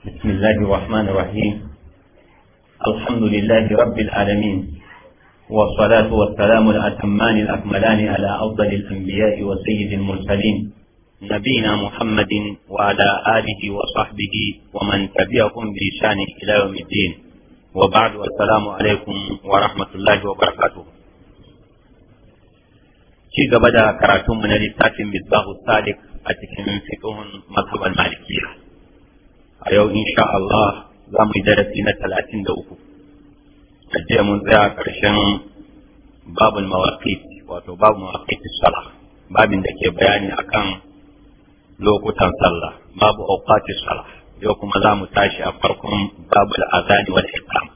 بسم الله الرحمن الرحيم الحمد لله رب العالمين والصلاة والسلام الأتمان الأكملان على أفضل الأنبياء وسيد المرسلين نبينا محمد وعلى آله وصحبه ومن تبعهم بإحسان إلى يوم الدين وبعد السلام عليكم ورحمة الله وبركاته في gaba كراتون من na littafin misbahu أتكلم a cikin fiqhun a yau insha Allah za mu yi darasi na talatin da uku ajiya mun tsaya ƙarshen babin mawaƙit, wato babu mawaƙit sallah babin da ke bayani akan lokutan sallah babu auqati sallah yau kuma za mu tashi a farkon da azani wal iqam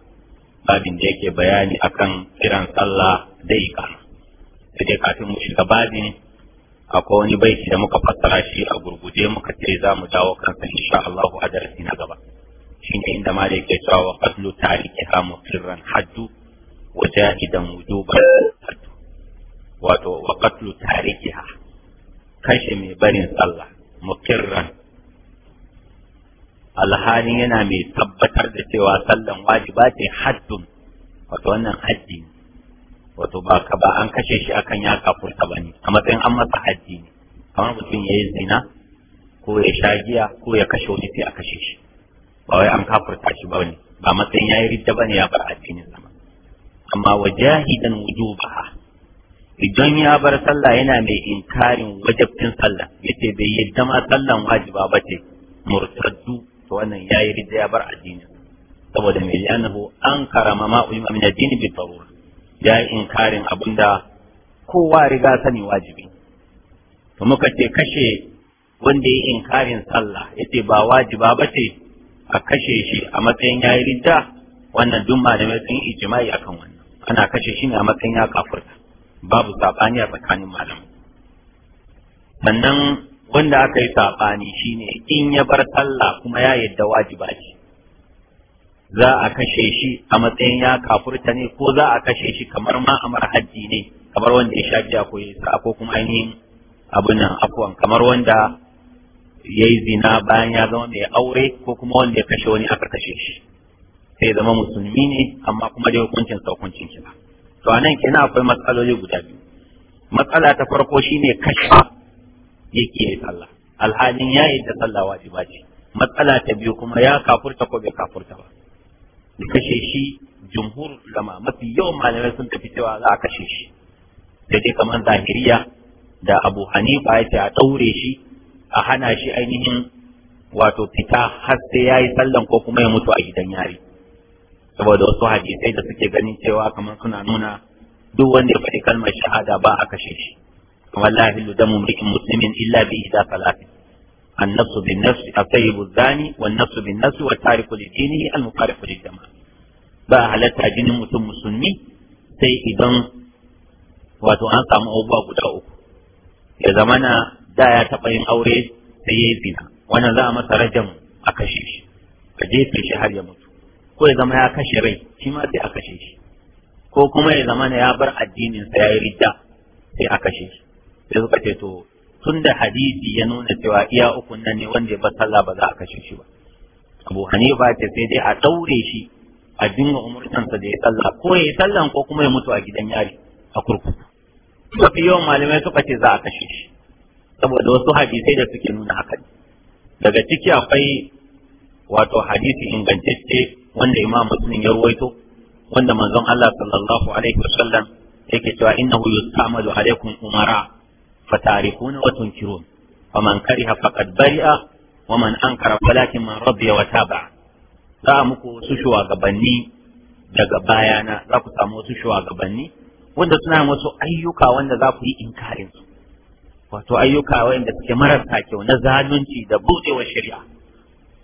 babin da yake bayani akan kiran sallah da ikam. sai dai kafin mu shiga babin akwai wani baiti da muka fassara shi a gurguje muka ce za mu dawo kansa insha Allah a darasi na gaba shine inda ma da yake cewa wa qatlu tarikha mufirran haddu wa jahidan wujuban haddu wato wa qatlu tarikha kashe mai barin sallah mufirran alhali yana mai tabbatar da cewa sallan wajiba ce haddun wato wannan haddi wato ba ka ba an kashe shi akan ya kafurta ba ne a matsayin an masa haddi ne kamar mutum ya yi zina ko ya sha giya ko ya kashe wani sai a kashe shi ba wai an kafurta shi ba ne ba matsayin ya yi ridda ba ne ya bar addinin sama amma wa jahidan ba. idan ya bar sallah yana mai inkarin wajabcin sallah yace bai yadda ma sallan wajiba ba ce murtaddu to wannan yayi ridda ya bar addinin saboda mai li'annahu an karama ma min addini bi ya yi inkarin abin da kowa riga sani wajibi to muka ce kashe wanda ya yi inkarin sallah yace ba wajiba ba ce a kashe shi a matsayin yayi ridda wannan duk malamai sun ijma'i akan wannan ana kashe shi ne a matsayin ya kafirta babu sabani a tsakanin malamai sannan wanda aka yi sabani shine in ya bar sallah kuma ya yadda wajiba ce za a kashe shi a matsayin ya kafurta ne ko za a kashe shi kamar ma a marhaji ne kamar wanda ya sha giya ko ya sa ko kuma ainihin abin nan afwan kamar wanda ya yi zina bayan ya zama mai aure ko kuma wanda ya kashe wani aka kashe shi sai zama musulmi ne amma kuma da hukuncin sa hukuncin to a nan kina akwai matsaloli guda biyu matsala ta farko shine kashe yake yi sallah alhalin ya yi da sallah wajibaci matsala ta biyu kuma ya kafurta ko bai kafurta ba da kashe shi jumhur ulama mafi yawan malamai sun tafi cewa za a kashe shi sai dai kamar zahiriya da abu hanifa ya ce a ɗaure shi a hana shi ainihin wato fita har sai ya yi sallan ko kuma ya mutu a gidan yari saboda wasu hadisai da suke ganin cewa kamar suna nuna duk wanda ya faɗi kalmar shahada ba a kashe shi kamar lahilu da mrikin musulmin illa bi ida salatin النفس بالنفس الطيب الزاني والنفس بالنفس والتارك لدينه المقارف للجماعة ba halarta jinin mutum musulmi sai idan wato an samu abubuwa guda uku ya zama da ya taɓa yin aure sai ya yi zina wannan za a masa mu a kashe shi a jefe shi har ya mutu ko ya zama ya kashe rai shi ma sai a kashe shi ko kuma ya zamana ya bar addininsa ya yi ridda sai a kashe shi sai suka ce to Tun da hadisi ya nuna cewa iya ukun nan ne wanda ba sallah ba za a kashe shi ba abu hanifa ce sai dai a daure shi a dinga umurtansa da ya sallah ko ya sallan ko kuma ya mutu a gidan yari a kurkuku mafi yawan malamai suka ce za a kashe shi saboda wasu hadisai da suke nuna haka daga ciki akwai wato hadisi ingantacce wanda imam muslim ya ruwaito wanda manzon Allah sallallahu alaihi wasallam yake cewa innahu Ahmadu alaikum umara fatarifuna wa tunkirun faman kariha faqad bari'a wa man ankara walakin man rabbiya wa taba za muku wasu shugabanni daga bayana za ku samu wasu shugabanni wanda suna wasu ayyuka wanda za ku yi inkarin su wato ayyuka wanda suke marasa kyau na zalunci da buɗewa shari'a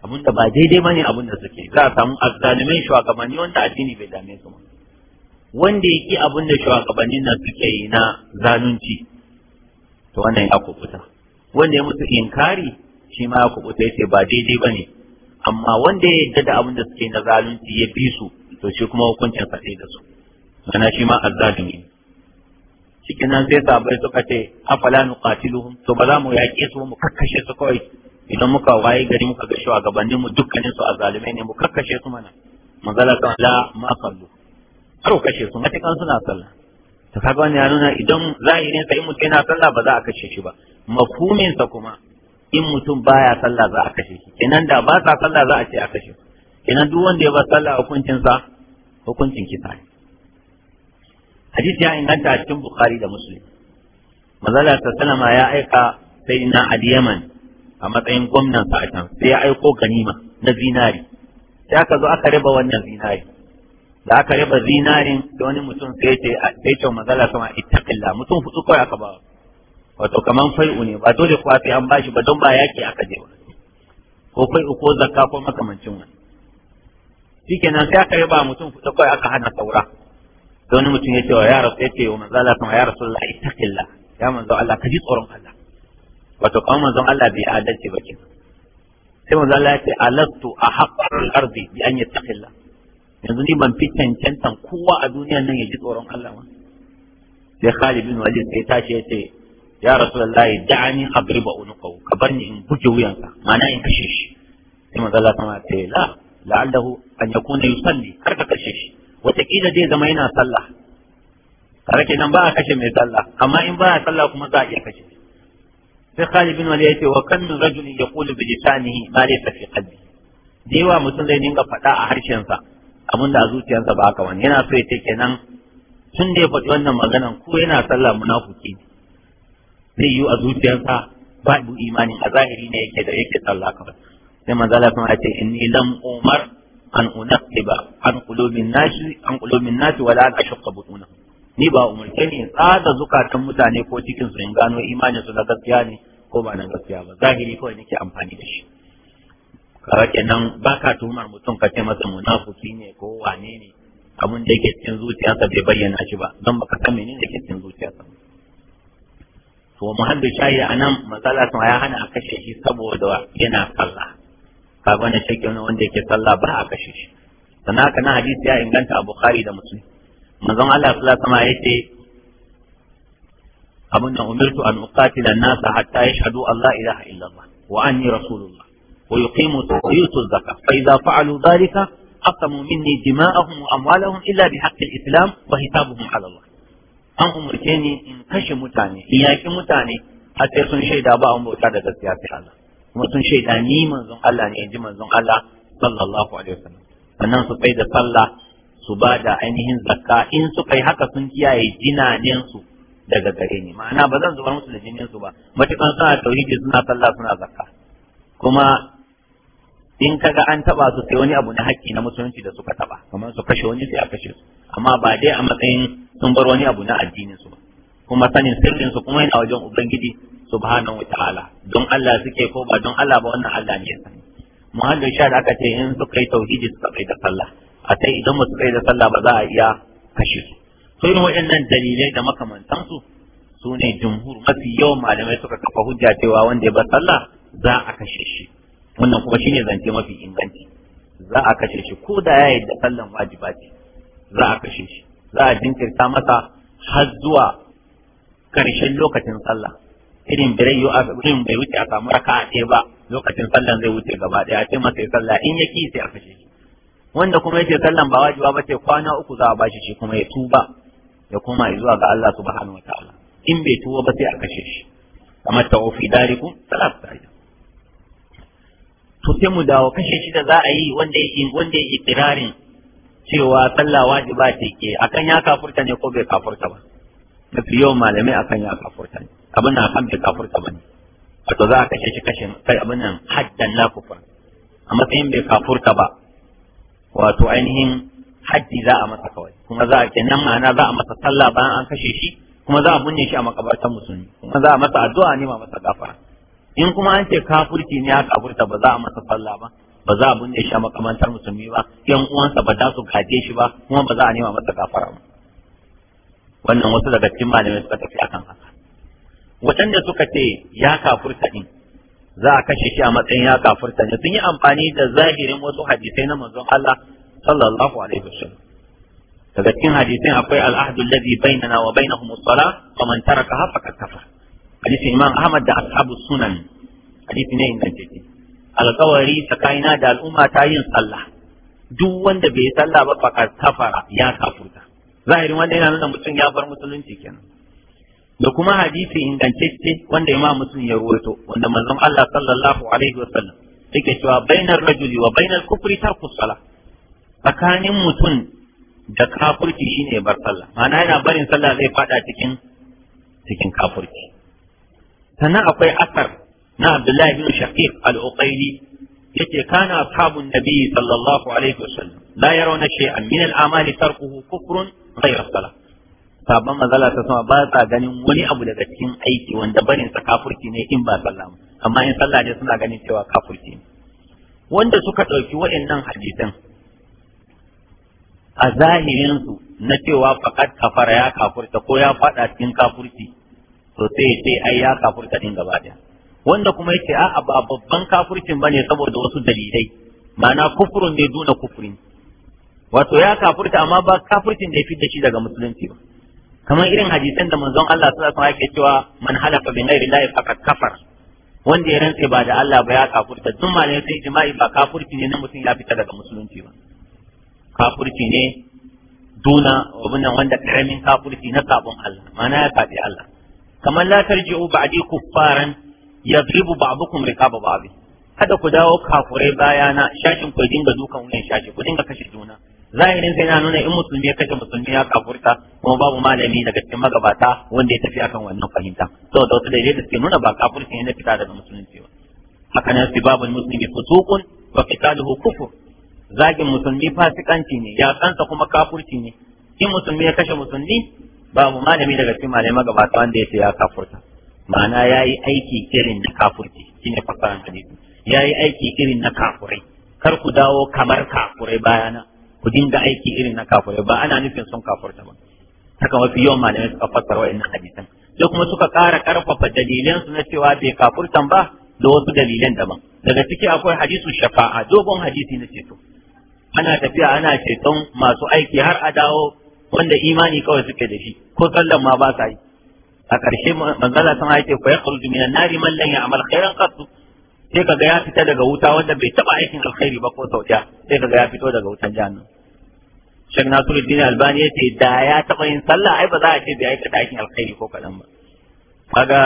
abin da ba daidai bane abin da suke za a samu azzalumin shugabanni wanda addini bai dame su wanda yake abin da shugabannin nan suke yi na zalunci to wannan ya kubuta wanda ya mutu inkari shi ma ya kubuta yace ba daidai bane amma wanda ya yadda da abin da suke na zalunci ya bi su to shi kuma hukuncin sa da su ana shi ma azzalimi cikin nan sai sabai suka ce afala nuqatiluhum to ba za mu yaƙe su mu kakkashe su kawai idan muka waye gari muka ga gabanin mu dukkanin su azzalimai ne mu kakkashe su mana manzala kan la ma sallu karo kashe su matakan suna sallah ta kaga wani ya nuna idan zahirin sa in mutum yana sallah ba za a kashe shi ba makuminsa sa kuma in mutum baya sallah za a kashe shi kenan da ba sa sallah za a ce a kashe kenan duk wanda ya ba sallah hukuncin sa hukuncin kisa ne hadisi ya inganta a cikin bukhari da muslim manzala ta sallama ya aika sai na adiyaman a matsayin gwamnan sa a can sai ya aiko ganima na zinari sai aka zo aka raba wannan zinari da aka riba zinarin da wani mutum sai ce sai ce manzala sama ittaqilla mutum hudu kawai aka ba wato kaman fai'u ne ba dole kuwa sai an bashi ba don ba yaki aka je ko fai'u ko zakka ko makamancin wani shikenan sai aka riba mutum hudu kawai aka hana saura da wani mutum ya ce wa yara rasu ya ce wa manzala sama ya rasu Allah ittaqilla ya manzo Allah ka ji tsoron Allah wato kaman manzon Allah bai adalci ba kenan sai manzo Allah ya ce alastu ahqqal ardi bi an yattaqilla yanzu ni ban fi cancantan kowa a duniyan nan ya ji tsoron Allah ba sai Khalid bin Walid sai tashi ya ce ya Rasulullahi da'ani abriba unuqahu ka bar ni in buge wuyansa ma'ana in kashe shi sai manzo Allah kuma ce la la'allahu an yakuna yusalli har ka kashe shi wataƙila zai zama yana sallah ke nan ba a kashe mai sallah amma in ba a sallah kuma za a iya kashe sai Khalid bin Walid ya ce wa kan rajulin yaqulu bi lisanihi ma laysa fi qalbi da yawa mutum zai dinga faɗa a harshensa abinda a zuciyarsa ba haka wani yana so ya ce kenan tun da ya faɗi wannan maganan ko yana sallah munafuki zai yi a zuciyarsa babu imani a zahiri ne yake da yake sallah kawai sai manzo Allah ya ce inni lam umar an unaqiba an qulubin nasi an qulubin nasi wala an ashqa ni ba umarce ne tsada zukatan mutane ko cikin su in gano imanin su na gaskiya ne ko ba na gaskiya ba zahiri kawai nake amfani da shi kaga kenan ba ka tumar mutum ka ce masa munafuki ne ko wane ne abin da yake cikin zuciyarsa bai bayyana shi ba don baka san menene yake cikin zuciyarsa to muhallu shayi a nan matsala sun ya hana a kashe shi saboda yana sallah ka gane shakki wani wanda yake sallah ba a kashe shi sannan haka na hadisi ya inganta a bukhari da muslim manzon Allah sallallahu alaihi wasallam yace abin da umirtu an uqatila an-nasa hatta yashhadu an la ilaha illallah wa anni rasulullah ويقيموا ويؤتوا الزكاة فإذا فعلوا ذلك أقسموا مني دماءهم وأموالهم إلا بحق الإسلام وحسابهم على الله an umarce ni in kashe mutane in mutane har sun shaida ba an bauta da gaskiya sai kuma sun shaida ni manzon Allah ne inji manzon Allah sallallahu alaihi wasallam sannan su bai da sallah su ba da ainihin zakka in su kai haka sun kiyaye jinanen su daga gare ni ma'ana ba zan zubar musu da jinin su ba matukan suna tauhidi suna sallah suna zakka kuma in kaga an taba su sai wani abu na haƙƙi na musulunci da suka taba kamar su kashe wani sai a kashe su amma ba dai a matsayin sun bar wani abu na addinin su ba kuma sanin sirrin su kuma yana wajen ubangiji subhanahu wa ta'ala don Allah suke ko ba don Allah ba wannan Allah ne ya sani muhallin sha da aka ce in suka yi tauhidi suka kai da sallah a sai idan mu kai da sallah ba za a iya kashe su to irin waɗannan dalilai da makamantansu su ne jumhur mafi yawan malamai suka kafa hujja cewa wanda ya bar sallah za a kashe shi wannan kuma shine zance mafi inganci za a kashe shi ko da ya yadda sallan wajiba ce za a kashe shi za a jinkirta masa har zuwa karshen lokacin sallah irin bai yi irin bai wuce a samu raka a ce ba lokacin sallan zai wuce gaba daya ce masa sallah in ya ki sai a kashe shi wanda kuma yake sallan ba wajiba ba ce kwana uku za a bashi shi kuma ya tuba ya koma zuwa ga Allah subhanahu wataala in bai tuba ba sai a kashe shi kamar ta ofi salatu salat to sai mu dawo kashe shida za a yi wanda yake wanda yake kirarin cewa sallah wajiba ce ke akan ya kafurta ne ko bai kafurta ba da fiyo malamai akan ya kafurta ne abin nan akan bai kafurta ba ne wato za a kashe shi kashe kai abin nan haddan la kufur a matsayin bai kafurta ba wato ainihin haddi za a masa kawai kuma za a kenan ma'ana za a masa sallah bayan an kashe shi kuma za a bunne shi a makabartar musulmi kuma za a masa addu'a ne ma masa gafara in kuma an ce kafurci ne aka kafurta ba za a masa sallah ba ba za a binne shi a makamantar musulmi ba yan uwansa ba za su kaje shi ba kuma ba za a nema masa kafara ba wannan wasu daga cikin malamai suka tafi akan haka waɗanda suka ce ya kafurta din za a kashe shi a matsayin ya kafurta ne sun yi amfani da zahirin wasu hadisai na manzon Allah sallallahu alaihi wasallam daga cikin hadisin akwai al'ahdu alladhi bainana wa bainahum as-salah faman tarakaha faqad kafara hadisin imam ahmad da ashabu sunan hadisi ne ingantacce alkawari tsakanina da al'umma ta yin sallah duk wanda bai yi sallah ba fakat kafara ya kafurta zahirin wanda yana nuna mutum ya bar musulunci kenan da kuma hadisi ingantacce wanda imam muslim ya ruwaito wanda manzon Allah sallallahu alaihi wa sallam yake cewa bainar rajuli wa bainar kufri tarku sala tsakanin mutum da kafurci shine bar sallah ma'ana yana barin sallah zai fada cikin cikin kafurci sannan akwai asar na Abdullahi bin Shaqiq al-Uqayli yake kana ashabun nabi sallallahu alaihi wasallam la yarawna shay'an min al-amali tarkuhu kufrun ghayra salah sabon mazala ta sama ba sa ganin wani abu daga cikin aiki wanda barin sa kafurci ne in ba sallah amma in sallah ne suna ganin cewa kafurci ne wanda suka ɗauki waɗannan hadisan a zahirin su na cewa faqad kafara ya kafurta ko ya fada cikin kafurci to sai ce ai ya kafurta din gaba daya wanda kuma yake a'a ba babban kafurcin bane saboda wasu dalilai ma'ana kufurun ne duna kufurin wato ya kafurta amma ba kafurcin da ya da shi daga musulunci ba kamar irin hadisan da manzon Allah sallallahu alaihi wasallam yake cewa man halafa bi ghairi llahi faqad kafar wanda ya rantse ba da Allah ba ya kafurta duk ne sai jima'i ba kafurci ne na mutum ya fita daga musulunci ba kafurci ne duna abin wanda karamin kafurci na sabon Allah ma'ana ya kafi Allah kamar la tarji'u ba'di kuffaran yadribu ba'dukum riqaba ba'd kada ku dawo kafurai bayana shashin ku dinga dukan wuyan shashi ku dinga kashe juna zahirin sai na nuna in musulmi ya kashe musulmi ya kafurta kuma babu malami daga cikin magabata wanda ya tafi akan wannan fahimta saboda wasu dalilai da suke nuna ba kafurci ne na fita daga musulunci ba haka nan sibabul muslimi fusuqun wa qitaluhu kufur zagin musulmi fasikanci ne ya kansa kuma kafurci ne in musulmi ya kashe musulmi babu malami daga cikin malamai gabata wanda ya ce ya kafurta ma'ana ya yi aiki irin na kafurci shine fasaran hadisi ya yi aiki irin na kafurai kar ku dawo kamar kafurai bayana ku dinga aiki irin na kafurai ba ana nufin sun kafurta ba haka mafi yawan malamai suka fassara wa'annan hadisan sai kuma suka ƙara ƙarfafa dalilansu na cewa bai kafurtan ba da wasu dalilan daban daga ciki akwai hadisu shafa'a dogon hadisi na ceto ana tafiya ana ceton masu aiki har a dawo wanda imani kawai suke da shi ko sallan ma ba sa yi a ƙarshe manzala sun haike ko ya kulu minan nari man lan ya'mal khairan qattu sai kaga ya fita daga wuta wanda bai taba aikin alkhairi ba ko sau sai kaga ya fito daga wutan jahannam Sheikh Nasiruddin Albani yace ce da ya taba yin sallah ai ba za a ce bai aikata aikin alkhairi ko kaɗan ba kaga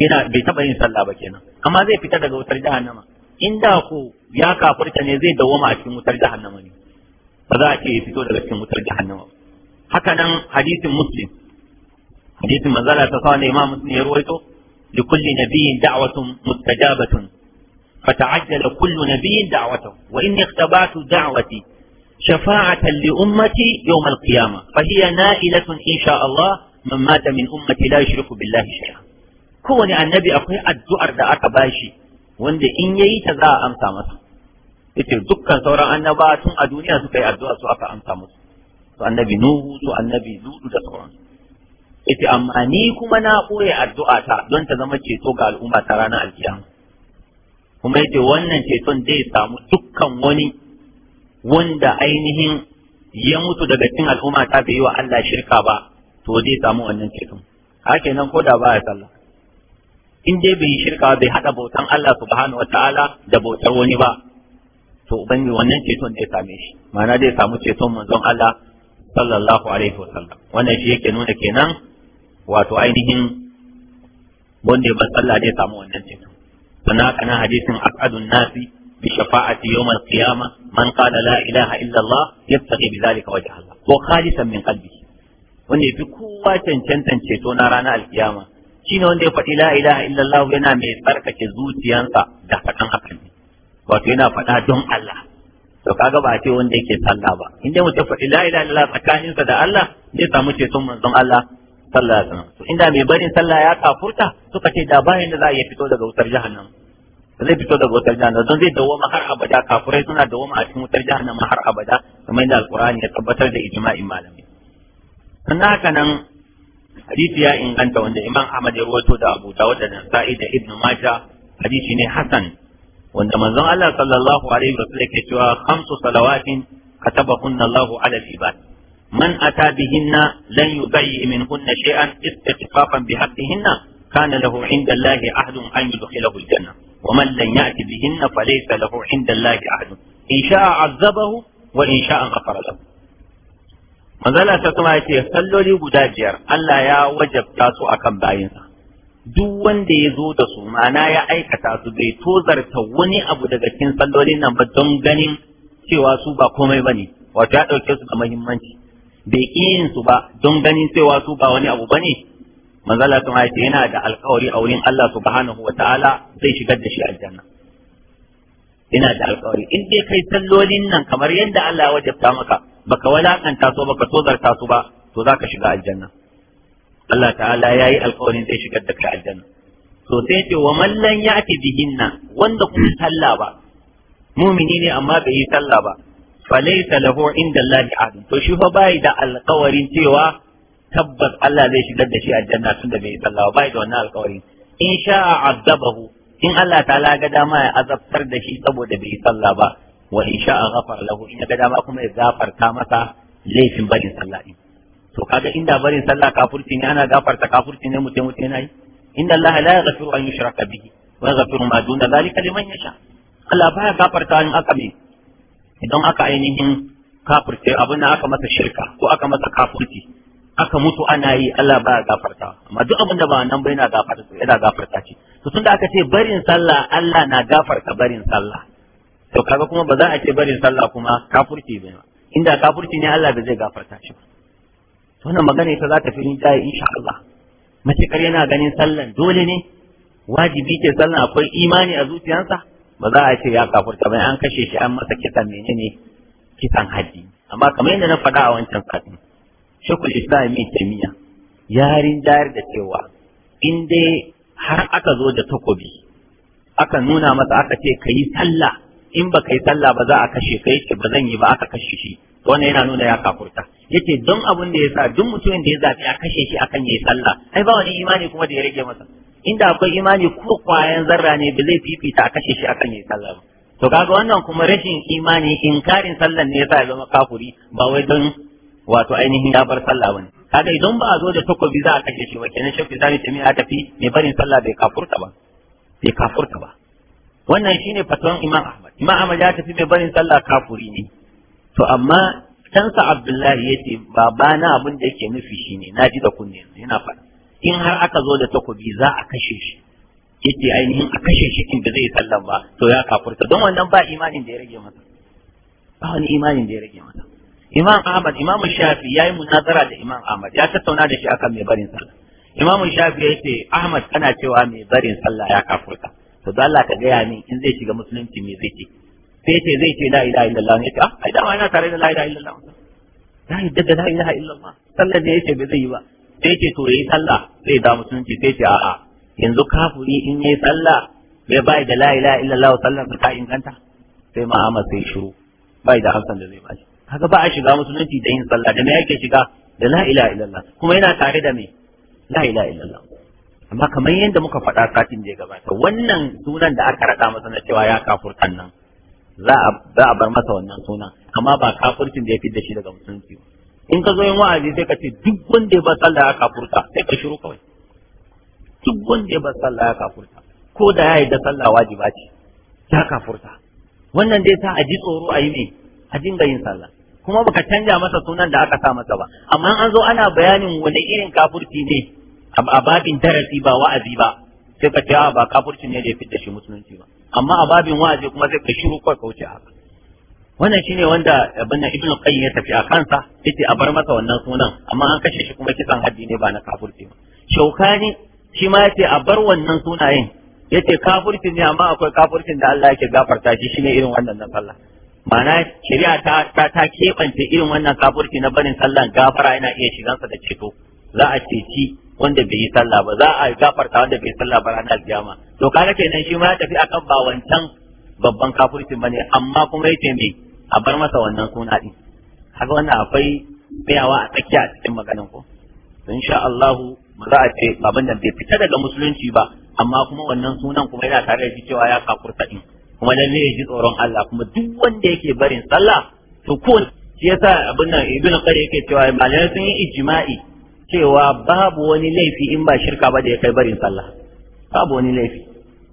yana bai taba yin sallah ba kenan amma zai fita daga wutar jahannama inda ko ya kafurta ne zai dawo a cikin wutar jahannama ne ba za a ce ya fito daga cikin wutar jahannama ba haka nan hadisin muslim hadisin manzala ta sa imam muslim ya ruwaito li kulli nabiyyin da'watun mustajabatun فتعجل كل نبي دعوته وإني اختبأت دعوتي شفاعة لأمتي يوم القيامة فهي نائلة إن شاء الله من مات من أمتي لا يشرك بالله شيئا kowane annabi akwai addu'ar da aka bashi wanda in yayi ta za a amsa masa yace dukkan sauran annaba tun a duniya suka yi addu'a su aka amsa musu su annabi nuhu su annabi lutu da sauran ita amma ni kuma na ɓoye addu'a ta don ta zama ceto ga al'umma ta ranar alkiyama kuma yace wannan ceton zai samu dukkan wani wanda ainihin ya mutu daga cikin al'umma ta bai yi wa Allah shirka ba to zai samu wannan ceton haka nan ko da ba ya sallah in dai bai shirka bai hada bautan Allah subhanahu wataala da bautar wani ba to ubangi wannan ceton zai same shi ma'ana zai samu ceton manzon Allah sallallahu alaihi wasallam wannan shi yake nuna kenan wato ainihin wanda ya sallah zai samu wannan aka na kana hadisin aqadun nasi bi shafa'ati yawm al-qiyamah man qala la ilaha illa Allah yabtaghi bi dhalika wajha Allah wa khalisan min qalbihi wanda yafi kowa cancantan ceto na ranar alkiyama shine wanda ya faɗi la ilaha illa Allah yana mai tsarkake zuciyansa da faɗan hakan wato yana faɗa don Allah to kaga ba ce wanda yake sallah ba inda dai mutum faɗi la ilaha illallah tsakaninsa da Allah zai samu sun, manzon Allah sallallahu alaihi wasallam to inda mai barin sallah ya kafurta suka ce da bayan da za a iya fito daga wutar jahannam zai fito daga wutar jahannam don zai dawoma har abada kafurai suna dawoma a cikin wutar jahannam har abada kamar yadda alqur'ani ya tabbatar da ijma'in malami sannan haka nan hadisi ya inganta wanda imam ahmad ya rawaito da abu dawud da Sa'id da Ibn majah hadisi ne Hassan. wanda manzon Allah sallallahu alaihi wa sallam yake cewa khamsu salawatin katabahunna Allahu ala al-ibad man ata bihinna lan yubayyi minhunna shay'an istighfafan bihaqqihinna كان له عند الله wa أن يدخله الجنة ومن لم يأت بهن فليس ahdun, in الله عهد إن شاء عذبه وإن شاء غفر له manzala ta kuma ya ce salloli guda biyar Allah ya wajabta su akan bayinsa duk wanda ya zo da su ma'ana ya aikata su bai tozarta wani abu daga cikin sallolin nan ba don ganin cewa su ba komai ba ne, wato ya ɗauke su da muhimmanci bai yin su ba don ganin cewa su ba wani abu bane manzala sun haice yana da alkawari a wurin Allah subhanahu wa ta'ala zai shigar da shi aljanna yana da alkawari in dai kai sallolin nan kamar yadda Allah ya wajabta maka baka walakanta su baka tozarta su ba to zaka shiga aljanna Allah ta'ala yi alƙawarin zai shigar da kai aljanna to sai ce wa mallan ya ya'ti bihinna wanda kun sallah ba mu'mini ne amma bai yi sallah ba falaysa lahu inda Allah ahdun to shi fa bai da alƙawarin cewa tabbas Allah zai shigar da shi aljanna tunda bai yi sallah ba bai da wannan alƙawarin in sha'a azabahu in Allah ta'ala ga dama ya azabtar da shi saboda bai yi sallah ba wa in sha'a ghafar lahu in ga dama kuma ya gafarta masa laifin barin sallah din to kaga inda barin sallah kafurci ne ana gafarta kafurci ne mutum mutum yana yi inna Allah la yaghfiru an yushraka bihi wa yaghfiru ma duna zalika liman yasha Allah baya gafarta in aka me idan aka ainihin kafirce abin da aka masa shirka ko aka masa kafurci aka mutu ana yi Allah baya gafarta amma duk abin da ba nan bai na gafarta yana gafarta ce to tunda aka ce barin sallah Allah na gafarta barin sallah to kaga kuma ba za a ce barin sallah kuma kafurci ba inda kafurci ne Allah ba zai gafarta shi ba wannan magana ita za ta fi ya insha Allah matukar yana ganin sallan dole ne wajibi ce sallan akwai imani a zuciyarsa ba za a ce ya kafurta bai an kashe shi an masa kisan menene kisan haddi amma kamar yadda na faɗa a wancan satin shekul islam mai taimiya ya rinjayar da cewa in dai har aka zo da takobi aka nuna masa aka ce ka yi sallah in ba yi sallah ba za a kashe ka ce ba zan yi ba aka kashe shi wannan yana nuna ya kafurta yace don abin da ya sa duk mutumin da ya zafi a kashe shi akan yayi sallah ai ba wani imani kuma da ya rage masa inda akwai imani ko kwayan zarra ne ba zai fifita a kashe shi akan yayi sallah ba to kaga wannan kuma rashin imani inkarin sallan ne ya sa ya zama kafuri ba wai don wato ainihin ya bar sallah bane kaga idan ba a zo da takobi za a kashe shi ba kenan shafi zani ta miya tafi mai barin sallah bai kafurta ba bai kafurta ba wannan shine fatawan imam ahmad imam ahmad ya tafi mai barin sallah kafuri ne to amma kansa abdullahi ya ce ba na abin da yake nufi shi ne na ji da kunne yana faɗi in har aka zo da takobi za a kashe shi ya ce ainihin a kashe shi in da zai sallan ba to ya kafurta don wannan ba imanin da ya rage masa ba wani imanin da ya rage masa imam ahmad imam shafi ya yi munazara da imam ahmad ya tattauna da shi akan mai barin sallah imam shafi ya ce ahmad kana cewa mai barin sallah ya kafurta to don Allah ka gaya min in zai shiga musulunci me zai ce sai ce zai ce la ilaha illallah ne ce ah ai dama yana tare da la ilaha illallah la yadda da la ilaha illallah sallar ne ce bai zai yi ba sai ce to yayi sallah zai da musulunci sai ce a'a yanzu kafuri in yayi sallah bai bai da la ilaha illallah sallar ta inganta sai ma sai shiru bai da amsan da zai bai kaga ba a shiga musulunci da yin sallah da me yake shiga da la ilaha illallah kuma yana tare da me la ilaha illallah amma kamar yadda muka faɗa satin da ya gabata wannan sunan da aka raɗa masa na cewa ya kafurtan nan za a bar masa wannan suna amma ba kafurcin da ya fidda shi daga musulunci in ka zo yin wa'azi sai ka ce duk wanda ya bar sallah ya kafurta sai ka shiru kawai duk wanda ya bar sallah ya kafurta ko da ya yi da sallah wajiba ce ya kafurta wannan dai sa a ji tsoro a yi ne a dinga yin sallah kuma baka canja masa sunan da aka sa masa ba amma an zo ana bayanin wani irin kafurci ne a babin darasi ba wa'azi ba sai ka ce ba kafurci ne da ya da shi musulunci ba amma a babin wa'azi kuma zai ka shiru kawai kauce haka wannan shine wanda abin ibnu kai ya tafi a kansa yace a bar masa wannan sunan amma an kashe shi kuma kisan haddi ne ba na kafirci ba shaukani shi ma yace a bar wannan sunayen yace kafirci ne amma akwai kafircin da Allah yake gafarta shi shine irin wannan na sallah ma'ana shari'a ta ta, keɓance irin wannan kafirci na barin sallah gafara yana iya shigansa da ceto za a ceci wanda bai yi sallah ba za a gafarta wanda bai yi sallah ba ranar alkiyama to kaga kenan shi ma ya tafi akan ba wancan babban ba bane amma kuma yace me a bar masa wannan suna din kaga wannan akwai bayawa a tsakiya a cikin maganan ko insha Allah ba za a ce baban nan bai fita daga musulunci ba amma kuma wannan sunan kuma yana tare da cewa ya kafurta din kuma lalle ya ji tsoron Allah kuma duk wanda yake barin sallah to kun shi yasa abin nan ibnu qari yake cewa malamai sun yi ijma'i cewa babu wani laifi in ba shirka ba da ya kai barin sallah babu wani laifi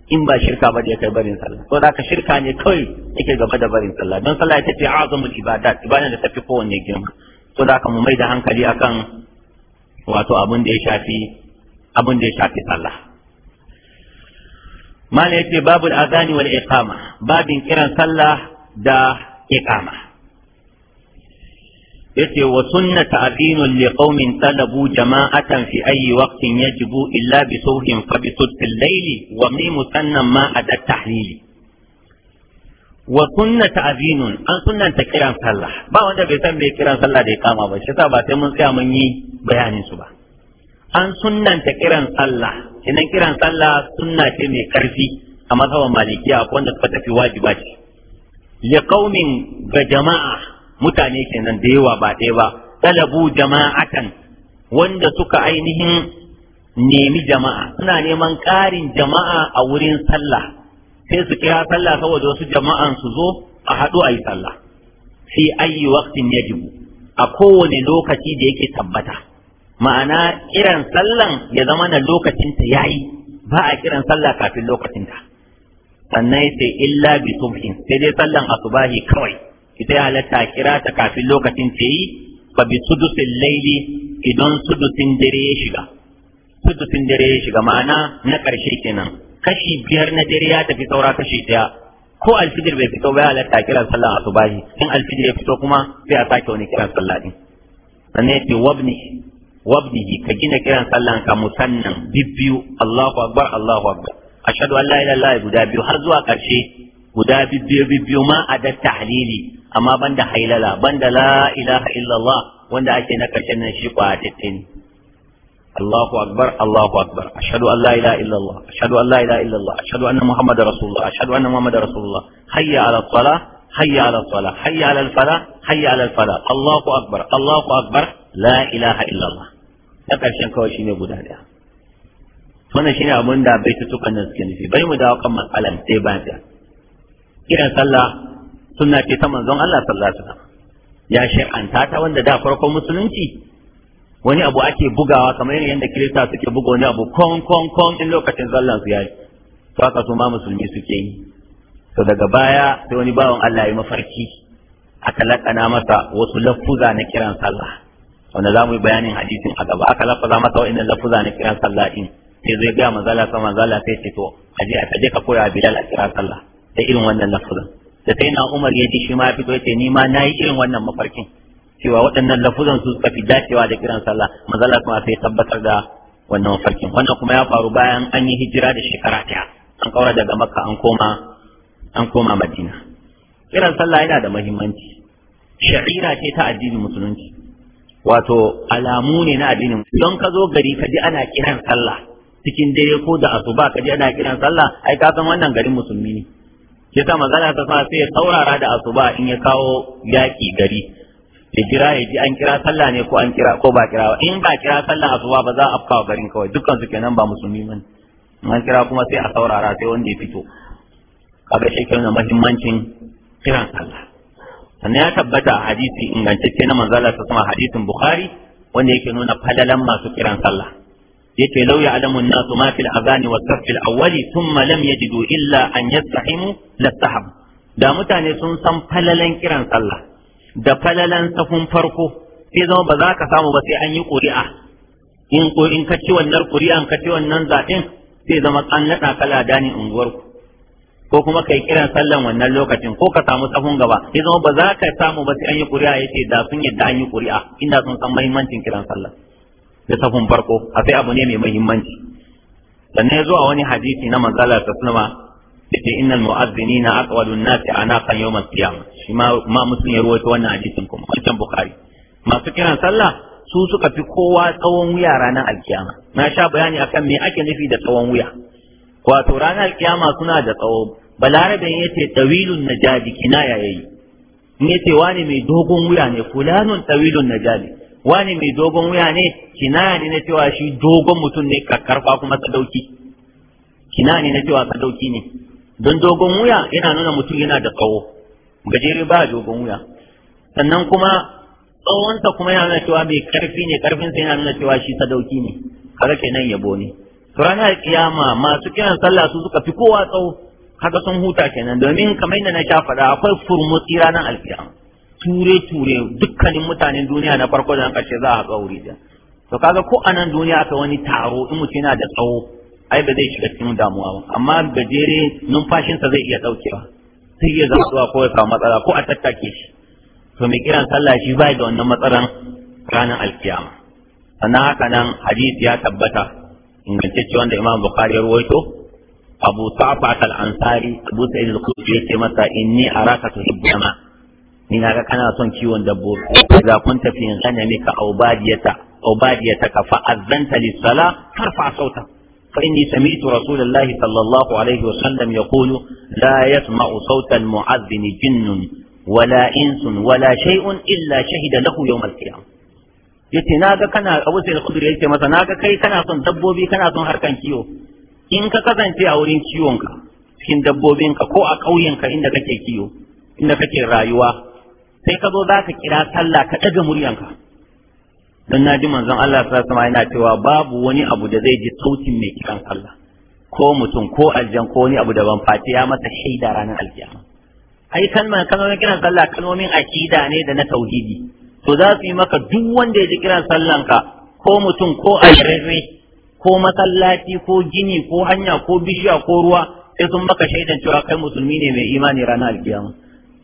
in ba shirka ba da ya kai barin sallah ko da ka shirka ne kawai yake gaba da barin sallah don sallah ita ce azamul ibadat ibada da tafi kowanne girma ko da ka mu mai da hankali akan wato abun da ya shafi abun da ya shafi sallah mala yace babul adani wal iqama babin kiran sallah da iqama yace wa sunna ta'dinun li qaumin talabu jama'atan fi ayi waqtin yajibu illa bi sawhin fa bi sudfil layli wa mi musannan ma ada tahlili wa sunna ta'dinun an sunnan ta kiran sallah ba wanda bai san bai kiran sallah da kama ba shi ba sai mun tsaya mun yi bayanin su ba an sunnanta kiran sallah idan kiran sallah sunna ce mai karfi a mazhaban malikiya wanda suka tafi wajiba ce li qaumin ga jama'a mutane kenan da yawa ba ɗaya ba ɗalabu jama'atan wanda suka ainihin nemi jama'a suna neman ƙarin jama'a a wurin sallah sai su kira sallah saboda wasu jama'an su zo a haɗu a yi sallah fi ayi waqtin jibu a kowane lokaci da yake tabbata ma'ana kiran sallan ya zama na lokacinta yayi ba a kiran sallah kafin lokacinta sannan sai illa bi sai dai sallan asubahi kawai ita ya halatta kira ta kafin lokacin ta yi ba bi sudusin laili idan sudusin dare ya shiga sudusin dare ya shiga ma'ana na ƙarshe kenan kashi biyar na dare ya tafi saura kashi ɗaya ko alfijir bai fito ba ya halatta kiran sallah a subahi in alfijir ya fito kuma sai a sake wani kiran sallah din sannan ya ce wabni wabni ka gina kiran sallah ka musannan bibbiyu Allahu akbar Allahu akbar ashhadu an la ilaha illa guda biyu har zuwa ƙarshe guda bibbiyo bibbiyo ma a da tahlili amma banda hailala banda la ilaha illallah wanda ake na karshen nan shi kwatatte ne Allahu akbar Allahu akbar ashhadu an la ilaha illallah ashhadu an la ilaha illallah ashhadu anna muhammadar rasulullah ashhadu anna muhammadar rasulullah hayya ala hayya ala hayya ala hayya ala Allahu akbar Allahu akbar la ilaha illallah na karshen kawai shine guda daya wannan shine abin da bai tutukan nan suke nufi bai mu dawo kan matsalan sai ba kiran sallah sunna ce ta manzon Allah sallallahu alaihi wasallam ya shar'anta ta wanda da farkon musulunci wani abu ake bugawa kamar yadda kirista suke buga wani abu kon kon kon in lokacin sallan su yayi to aka su ma musulmi suke yi to daga baya sai wani bawan Allah ya mafarki aka lakana masa wasu lafuza na kiran sallah wanda za yi bayanin hadisin a gaba aka lafaza masa wa'annan lafuza na kiran sallah din sai zai ga manzala sama, manzala sai ce to aje ka ka koya bilal a kiran sallah da irin wannan lafuzan da sai na umar ya ji shi ma ya fito ya ce ni ma na yi irin wannan mafarkin cewa waɗannan lafuzan su suka fi dacewa da kiran sallah mazala kuma sai tabbatar da wannan mafarkin wannan kuma ya faru bayan an yi hijira da shekara ɗaya an ƙaura daga makka an koma an koma madina kiran sallah yana da muhimmanci Shari'a ce ta addinin musulunci wato alamu ne na addinin don ka zo gari ka ji ana kiran sallah cikin dare ko da asuba ka ji ana kiran sallah ai ka san wannan garin musulmi ne yasa manzala ta sa sai ya saurara da asuba in ya kawo yaki gari ya kira ya ji an kira sallah ne ko an kira ko ba kira in ba kira sallah asuba ba za a afka garin kawai dukkan su kenan ba musulmi bane an kira kuma sai a saurara sai wanda ya fito kaga shi kenan muhimmancin kiran sallah sannan ya tabbata a hadisi ingantacce na manzala ta sama hadisin bukhari wanda yake nuna fadalan masu kiran sallah yace lauya ya'lamu an-nasu ma fil azani wa safi al-awwali thumma lam yajidu illa an yastahimu lastahab da mutane sun san falalan kiran sallah da falalan safun farko sai zama ba za ka samu ba sai an yi ƙuri'a in in ka ci wannan ƙuri'an ka ci wannan zaɓen sai zama an naɗa ka ladanin unguwarku ko kuma kai kiran sallan wannan lokacin ko ka samu safun gaba sai zama ba za ka samu ba sai an yi ƙuri'a yace da sun yadda an yi ƙuri'a inda sun san mahimmancin kiran sallah da safin farko a abu ne mai muhimmanci sannan ya zuwa wani hadisi na manzala ta sunama da ke innal mu'azzinina aqwalu an-nasi anaqan yawm al-qiyamah shi ma ma muslim ya rawaito wannan hadisin kuma wancan bukhari masu kiran sallah su suka fi kowa tsawon wuya ranar alkiyama na sha bayani akan me ake nufi da tsawon wuya wato ranar alkiyama suna da tsawo balarabe ya ce tawilun najadi kinaya yayi in ce wani mai dogon wuya ne fulanun tawilun najadi wani mai dogon wuya ne kina ne na cewa shi dogon mutum ne kakkarfa kuma sadauki kina ne na cewa sadauki ne don dogon wuya yana nuna mutum yana da tsawo gajere ba dogon wuya sannan kuma tsawonsa kuma yana nuna cewa mai karfi ne karfinsa yana nuna cewa shi sadauki ne kaga kenan yabo ne to ranar kiyama masu kiran sallah su suka fi kowa tsawo kaga sun huta kenan domin kamar yadda na sha faɗa akwai furmutsi ranar alkiyama ture-ture dukkanin mutanen duniya na farko da na ƙarshe za a wuri to kaga ko a nan duniya aka wani taro in mutum yana da tsawo ai ba zai shiga cikin damuwa ba amma gajere numfashinsa zai iya ɗaukewa sai iya zama zuwa ko ya samu matsala ko a tattake shi to mai kiran sallah shi bai da wannan matsalan ranar alkiyama sannan haka nan hadisi ya tabbata ingantacce wanda imam bukhari ya rawaito abu sa'fat al-ansari abu sa'id al-khudri yace masa inni araka tuhibbuna ni na ga kana son kiwon dabbobi za kun tafi in kana mika aubadiyata aubadiyata ka fa azanta lis sala farfa sauta fa inni sami'tu rasulullahi sallallahu alaihi wa sallam yaqulu la yasma'u sautan mu'adhdhin jinnun wala insun wala shay'un illa shahida lahu yawm al-qiyam yace na ga kana abu sai al yace masa na ga kai kana son dabbobi kana son harkan kiwo in ka kasance a wurin kiwonka cikin dabbobinka ko a ƙauyenka inda kake kiwo inda kake rayuwa sai ka zo za ka kira sallah ka ɗaga muryanka don na ji manzon Allah sallallahu Sama yana cewa babu wani abu da zai ji sautin mai kiran sallah ko mutum ko aljan ko wani abu da ban fati ya masa shaida ranar alkiyama ai kalmar kalmomin kiran sallah kalmomin akida ne da na tauhidi to za su yi maka duk wanda ya ji kiran sallanka ko mutum ko aljarri ko masallaci ko gini ko hanya ko bishiya ko ruwa sai sun maka shaidan cewa kai musulmi ne mai imani ranar alkiyama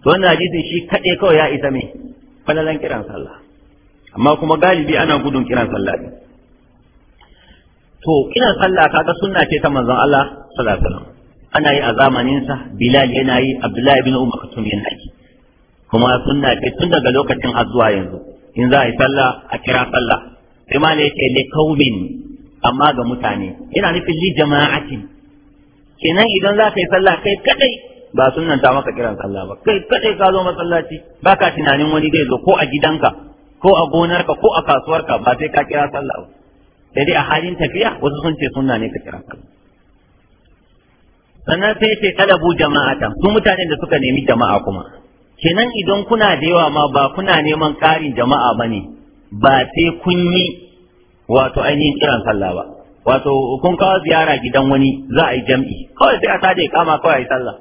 to wannan hadisin shi kaɗai kawai ya isa mai falalan kiran sallah amma kuma galibi ana gudun kiran sallah ne to kiran sallah kaga sunna ce ta manzon Allah sallallahu alaihi wasallam ana yi a zamanin sa Bilal yana yi Abdullahi ibn Umar Khattab yana yi kuma sunna ce tun daga lokacin zuwa yanzu in za a yi sallah a kira sallah sai ma ne ce li amma ga mutane ina nufin li jama'atin kenan idan za ka yi sallah kai kadai ba sunan ta maka kiran sallah ba kai kade ka zo masallaci baka tunanin wani zai zo ko a gidanka ko a gonarka ko a kasuwarka ba sai ka kira sallah ba sai dai a halin tafiya wasu sun ce sunna ne ka kira sallah sannan sai ce talabu jama'ata su mutanen da suka nemi jama'a kuma kenan idan kuna da yawa ma ba kuna neman ƙarin jama'a ba ne ba sai kun yi wato ainihin kiran sallah ba wato kun kawo ziyara gidan wani za a yi jam'i kawai sai a sada ya kama kawai a yi sallah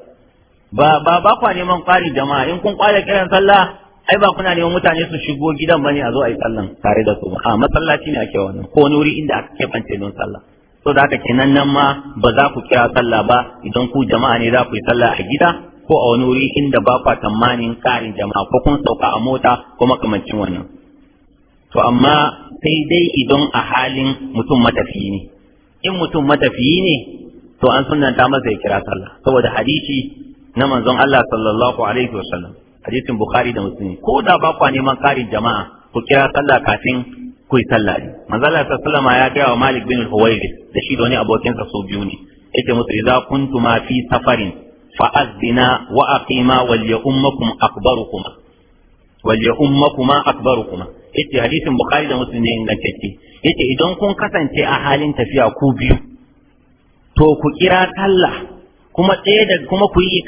ba ba ba kwa neman kwari jama'a in kun ƙware kiran sallah ai ba kuna neman mutane su shigo gidan bane a zo a yi sallan tare da su a masallaci ne ake wannan ko wani wuri inda aka keɓance don sallah To da haka kenan nan ma ba za ku kira sallah ba idan ku jama'a ne za ku yi sallah a gida ko a wani wuri inda ba kwa tsammanin ƙarin jama'a ko kun sauka a mota ko makamancin wannan to amma sai dai idan a halin mutum matafiyi ne in mutum matafiyi ne to an sunanta masa ya kira sallah saboda hadisi na manzon Allah sallallahu alaihi wa sallam hadisin bukhari da muslim ko da ba kwa neman karin jama'a ku kira sallah kafin ku yi sallah ne manzon Allah sallallahu alaihi ya gaya wa Malik bin Huwairis da shi da wani abokin sa su biyu ne yake musu idza kuntuma fi safarin fa azbina wa aqima wal ya'ummakum akbarukuma wal ya'ummakuma akbarukuma yace hadisin bukhari da muslim ne ingantacce yace idan kun kasance a halin tafiya ku biyu to ku kira sallah kuma ɗaya daga kuma ku yi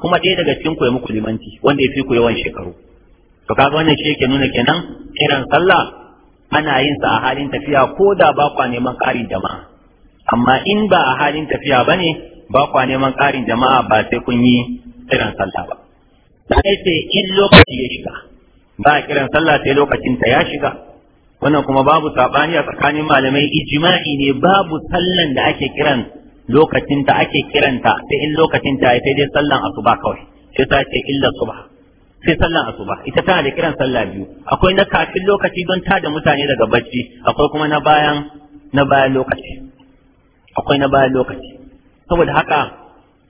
kuma ɗaya daga cikin ku muku limanci wanda ya fi ku yawan shekaru to kaga wannan shi yake nuna kenan kiran sallah ana yin sa a halin tafiya ko da ba kwa neman ƙarin jama'a amma in ba a halin tafiya bane ba kwa neman ƙarin jama'a ba sai kun yi kiran sallah ba sai ce in lokaci ya shiga ba kiran sallah sai lokacin ta ya shiga wannan kuma babu sabani a tsakanin malamai ijma'i ne babu sallan da ake kiran lokacin ta ake kiranta sai in lokacin ta sai dai sallan asuba kawai sai ta ce illa suba sai sallan asuba ita tana da kiran sallah biyu akwai na kafin lokaci don ta da mutane daga bacci akwai kuma na bayan na bayan lokaci akwai na bayan lokaci saboda haka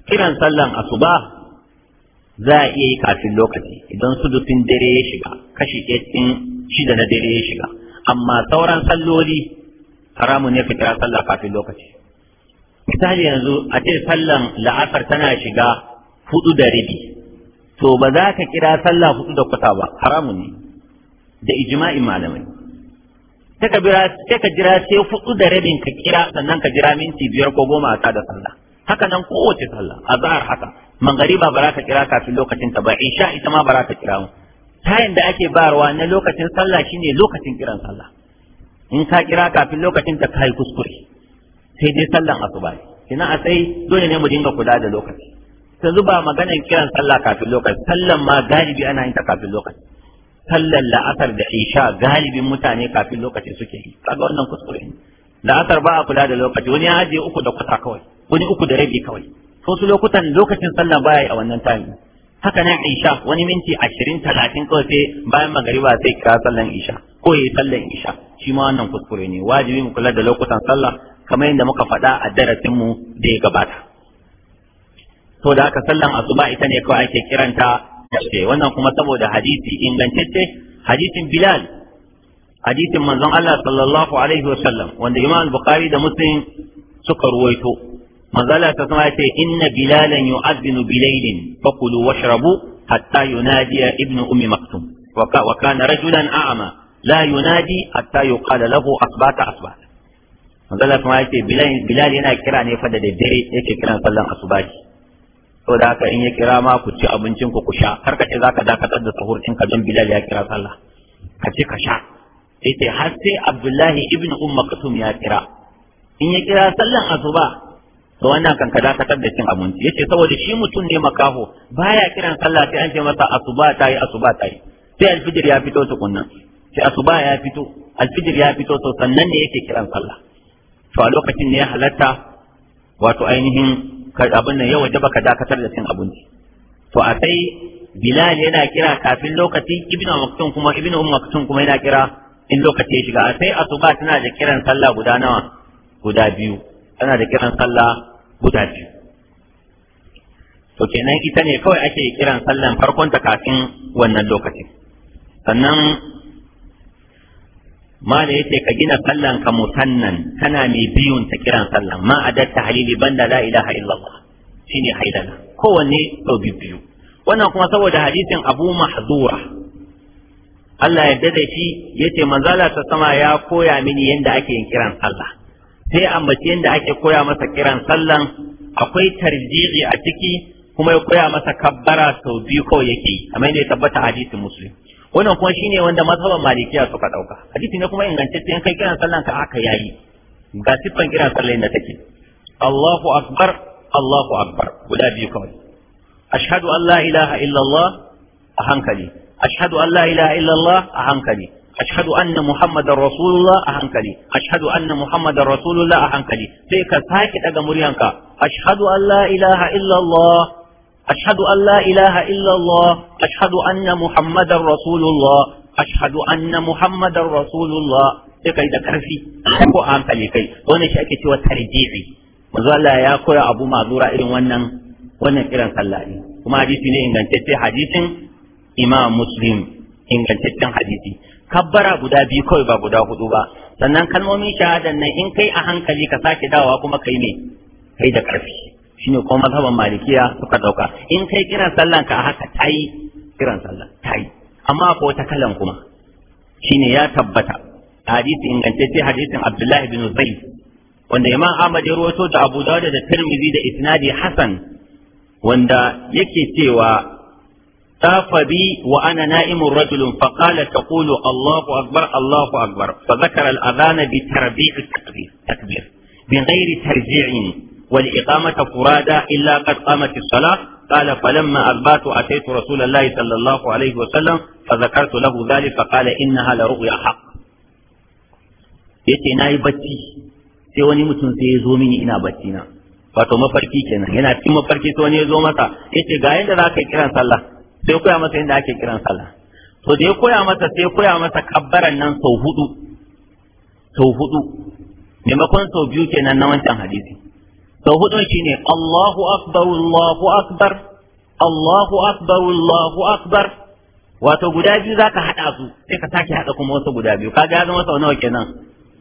kiran sallan asuba za a iya yi kafin lokaci idan sudufin dare ya shiga kashi ɗaya cikin shida na dare ya shiga amma sauran salloli haramun ne ka kira sallah kafin lokaci misali yanzu a ce sallan la'asar tana shiga hudu da rabi to ba za ka kira sallah hudu da kwata ba haramun ne da ijma'in malamai sai ka jira sai hudu da rabin ka kira sannan ka jira minti biyar ko goma a da sallah haka nan kowace sallah a azhar haka mangariba ba za ka kira kafin lokacin ta ba insha ita ma ba za ka kira mu tayin da ake barwa na lokacin sallah shine lokacin kiran sallah in ka kira kafin lokacin ta kai kuskure sai dai sallan asuba ina a tsaye dole ne mu dinga kula da lokaci yanzu ba maganar kiran sallah kafin lokaci sallan ma galibi ana yin ta kafin lokaci sallan la'asar da isha galibin mutane kafin lokaci suke yi kaga wannan kuskure ne la'asar ba a kula da lokaci wani ya ajiye uku da kwata kawai wani uku da rabi kawai wasu lokutan lokacin sallah baya yi a wannan time haka nan isha wani minti ashirin talatin kawai sai bayan magariba sai kira sallan isha ko yi sallan isha shi ma wannan kuskure ne wajibi mu kula da lokutan sallah kamar yadda muka faɗa a darasinmu da ya gabata to da haka sallan asuba ita ne kawai ake kiranta ce wannan kuma saboda hadisi ingantacce hadisin bilal hadisin manzon Allah sallallahu alaihi wasallam wanda imam bukhari da muslim suka ruwaito manzon Allah ta sama ce inna bilalan yu'adhinu bilailin fakulu washrabu hatta yunadiya ibnu ummi maktum wa kana rajulan a'ama la yunadi hatta yuqala lahu asbata asbata manzala kuma ya ce bilal yana kira ne fa da daddare yake kiran sallan asubahi saboda haka in ya kira ma ku ci abincin ku ku sha kar ka ce zaka dakatar da sahur in ka don bilal ya kira sallah ka ce ka sha sai ce har sai abdullahi ibn umma kasum ya kira in ya kira sallan asuba to wannan kan ka dakatar da cin abinci yace saboda shi mutum ne makaho baya kiran sallah sai an ce masa asuba tayi asuba tayi sai alfijir ya fito tukunna sai asuba ya fito alfijir ya fito to sannan ne yake kiran sallah to a lokacin ne ya halatta wato ainihin abin nan yau wajaba ka dakatar da cin abinci to a sai bilal yana kira kafin lokaci ibnu maktum kuma ibnu umm maktum kuma yana kira in lokaci ya shiga a sai asuba tana da kiran sallah guda nawa guda biyu tana da kiran sallah guda biyu to kenan ita ne kawai ake kiran sallan farkon ta kafin wannan lokacin sannan mala yace ka gina sallan ka musannan kana mai biyun ta kiran sallan ma adat tahlili banda la ilaha illallah shine haidala kowanne sau biyu wannan kuma saboda hadisin abu mahdura Allah ya dade shi yace manzala ta sama ya koya mini yanda ake yin kiran sallah sai ambaci yanda ake koya masa kiran sallan akwai tarjihi a ciki kuma ya koya masa kabbara sau biyu kawai yake kamar yadda ya tabbata hadisin muslim wannan kuma shine wanda mazhaban malikiya suka dauka hadisi ne kuma ingantacce in kai kiran sallan ka aka yayi ga siffan kiran sallan da take Allahu akbar Allahu akbar guda biyu kawai ashhadu an la ilaha illallah a hankali ashhadu an la ilaha illallah a hankali ashhadu anna muhammadar rasulullah a hankali ashhadu anna muhammadar rasulullah a hankali sai ka sake daga muryanka ashhadu an la ilaha illallah أشهد أن لا إله إلا الله أشهد أن محمد رسول الله أشهد أن محمد رسول الله da karfi ko an kalle kai wannan shi ake cewa tarji'i manzo Allah ya koya abu mazura irin wannan wannan kiran sallah ne kuma hadisi ne ingantacce hadisin Imam Muslim ingantaccen hadisi kabbara guda biyu kawai ba guda hudu ba sannan kalmomin shahadan nan in kai a hankali ka sake dawa kuma kai ne kai da karfi shine ko mazhaban malikiya suka dauka in kai kiran sallan ka haka tayi kiran sallan tayi amma ko ta kallan kuma shine ya tabbata hadisi ingantacce hadisin Abdullahi bin Zaid wanda Imam Ahmad ya rawaito da Abu Dawud da Tirmidhi da isnadi Hasan wanda yake cewa طاف بي وأنا نائم رجل فقال تقول الله أكبر الله أكبر فذكر الأذان بتربيع التكبير تكبير ترجيع والإقامة فرادا إلا قد قامت الصلاة قال فلما أربات أتيت رسول الله صلى الله عليه وسلم فذكرت له ذلك فقال إنها لرؤيا حق yace na yi bacci sai wani mutum sai ya zo mini ina bacci na wato mafarki kenan yana cikin mafarki sai wani ya zo masa yace ga yadda za ka kiran sallah sai koya masa yadda ake kiran sallah to da ya koya masa sai koya masa nan sau sau sau biyu kenan na wancan hadisi sau hudu shine Allahu akbar Allahu akbar Allahu akbar Allahu akbar wato guda biyu ka haɗa su sai ka sake haɗa kuma wasu guda biyu kaga ya zama sau nawa kenan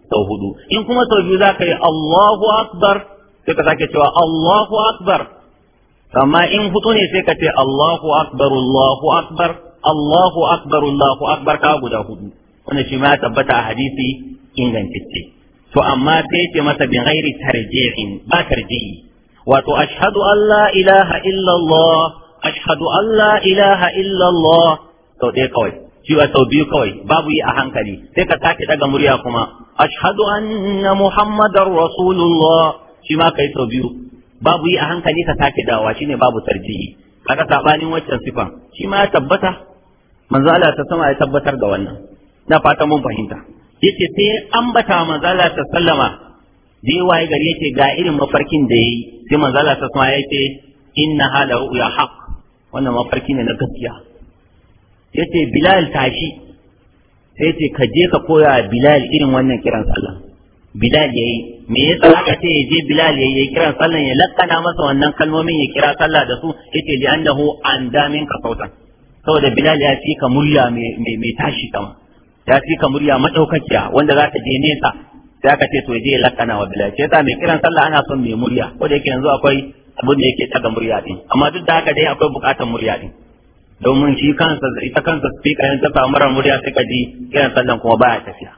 sau hudu in kuma sau biyu zaka yi Allahu akbar sai ka sake cewa Allahu akbar amma in hudu ne sai ka ce Allahu akbar Allahu akbar Allahu akbar Allahu akbar ka guda hudu wannan shi ma tabbata a hadisi ingantacce to amma sai ce masa bin ghairi tarjihin ba tarjihi wato ashhadu an la ilaha illa Allah ashhadu an la ilaha illa Allah to dai kawai shi a sau biyu kawai babu yi a hankali sai ka sake daga murya kuma ashhadu anna muhammadar rasulullah shi ma kai sau biyu babu yi a hankali ka sake dawa shine babu tarjihi kaga sabanin waccan sifan shi ma ya tabbata manzo Allah ta sama ya tabbatar da wannan na fata mun fahimta yace sai ambata manzala ta sallama da ya waye gari yace ga irin mafarkin da yayi sai manzala ta sallama yace inna hala ru'ya haq wannan mafarki ne na gaskiya yace bilal tashi sai ce ka je ka koya bilal irin wannan kiran sallah bilal yayi me yasa aka ce ya je bilal yayi ya kiran sallah ya lakkana masa wannan kalmomin ya kira sallah da su yace li annahu andamin damin ka sautan saboda bilal ya fi ka murya mai tashi sama ya fi ka murya madaukakiya wanda za ta je nesa sai aka ce to je ya lakana wa bilal sai ta mai kiran sallah ana son mai murya ko da yake yanzu akwai abin da yake daga murya din amma duk da haka dai akwai bukatar murya din domin shi kansa ita kansa speaker yan ta samu mara murya sai ka ji kiran sallan kuma baya tafiya